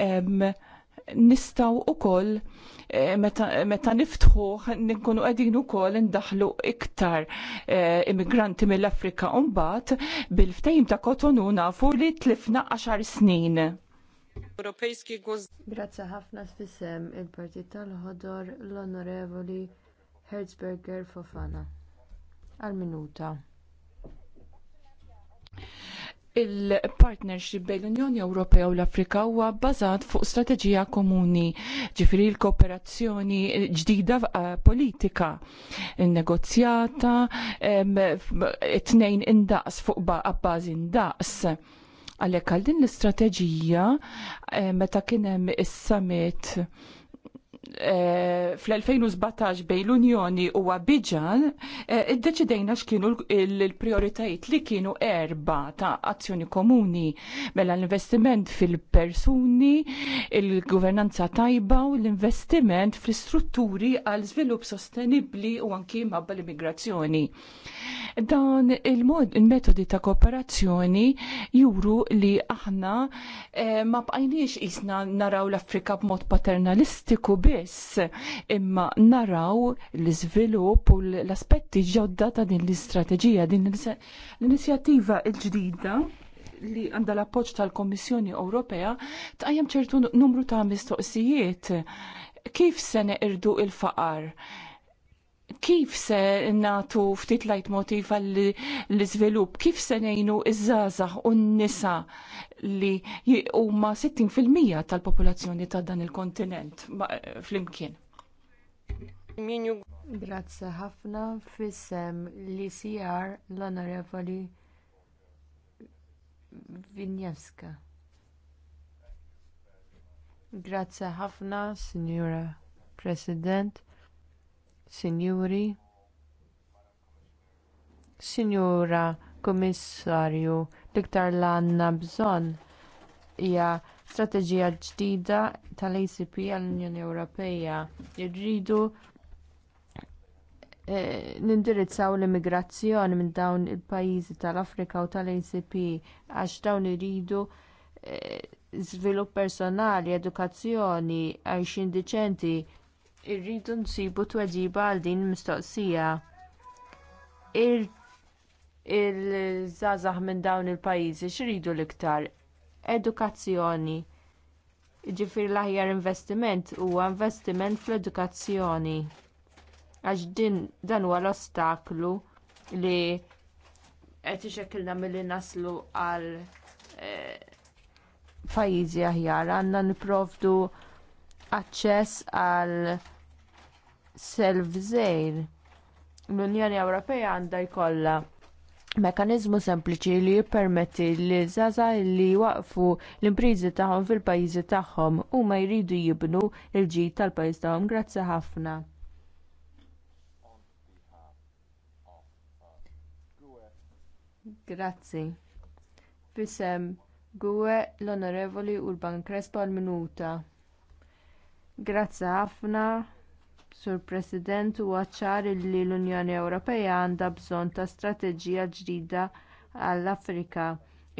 nistgħu nistaw u koll eh, meta, meta niftħuħ ninkunu għedin u koll ndaħlu iktar eh, immigranti mill-Afrika un bil-ftejm ta' kotonu nafu li tlifna 10 snin Grazzi ħafna fissem il-Partit tal-ħodor l-Onorevoli Herzberger Fofana. Għal-minuta. Il-partnership bejn l-Unjoni Ewropea u l-Afrika huwa bbażat fuq strateġija komuni, ġifieri l-kooperazzjoni ġdida eh, politika negozjata eh, tnejn indaqs fuq bażi indaqs Għalhekk għal din l-istrateġija eh, meta kien hemm is-summit Eh, fl-2017 bejn l-Unjoni u id eh, iddeċidejna x'kienu l prioritajt li kienu erba ta' azzjoni komuni mela l-investiment fil-persuni, il-governanza tajba u l-investiment fl-istrutturi għal żvilupp sostenibbli u anki mabba l-immigrazzjoni. Dan il-metodi ta' kooperazzjoni juru li aħna eh, ma bqajniex isna naraw l-Afrika b'mod paternalistiku bie biss imma naraw l-iżvilupp u l-aspetti ġodda ta' din l-istrateġija, din l-inizjattiva l-ġdida li għandha l-appoġġ tal komissjoni Ewropea tqajjem ċertu numru ta' mistoqsijiet. Kif se neqirdu il-faqar? kif se natu ftit lajt motiv għall-izvilup, kif se nejnu iż-żazax u n-nisa li huma 60% tal-popolazzjoni ta' dan il-kontinent fl-imkien. Grazzi ħafna fissem li sijar l-onorevoli Vinjevska. Grazzi ħafna, Signora President. Sinjuri, Signura Kommissarju, l-iktar l-għanna bżon hija strateġija ġdida tal-ACP għall-Unjoni Ewropea. Irridu eh, nindirizzaw l-immigrazzjoni minn dawn il-pajjiżi tal-Afrika u tal-ACP għax dawn iridu eh, żvilupp personali, edukazzjoni, għajxin diċenti, irridu nsibu tweġiba għal din mistoqsija. Il-żazax minn dawn il-pajjiżi xiridu l-iktar edukazzjoni. Ġifir l-aħjar investiment huwa investiment fl-edukazzjoni. Għax din dan huwa l-ostaklu li qed ixekkilna milli naslu għal eh, pajjiżi aħjar għandna nipprovdu aċċess għal self-żejr. L-Unjoni Ewropea għandha jkollha mekanizmu sempliċi li jippermetti li zaza li waqfu l-imprizi tagħhom fil-pajjiżi tagħhom u ma jridu jibnu il-ġid tal-pajjiż tagħhom. Grazzi ħafna. Grazzi. Fisem Gwe l-Onorevoli Urban Crespo għal-minuta. Grazzi ħafna. Sur President huwa ċar li l-Unjoni Ewropea għandha bżonn ta' strateġija ġdida għall-Afrika.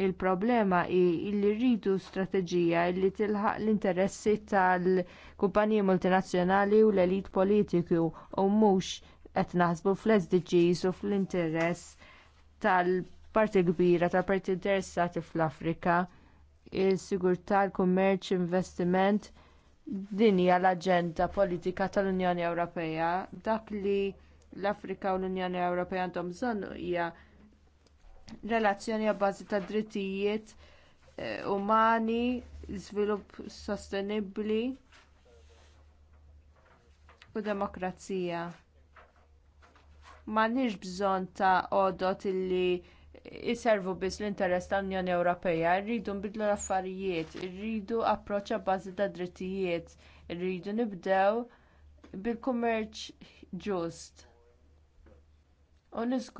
Il-problema hi li rridu strateġija li tilħaq l-interessi tal-kumpaniji multinazzjonali u l-elit politiku u mhux qed naħsbu fl-SDGs u fl-interess tal-parti kbira tal-parti interessati fl-Afrika. Is-sigurtà, l-kummerċ, investiment, Din hija l-aġenda politika tal-Unjoni Ewropea. Dak li l-Afrika u l-Unjoni Ewropea għandhom bżonn hija relazzjoni għabbażi ta' drittijiet eh, umani, żvilupp sostenibbli u demokrazija. M'għandniex bżonn ta' għodot illi iservu biss l-interess tal-Unjoni Ewropea, rridu nbidlu l-affarijiet, rridu approċċ bażi ta' drittijiet, rridu nibdew bil-kummerċ ġust. U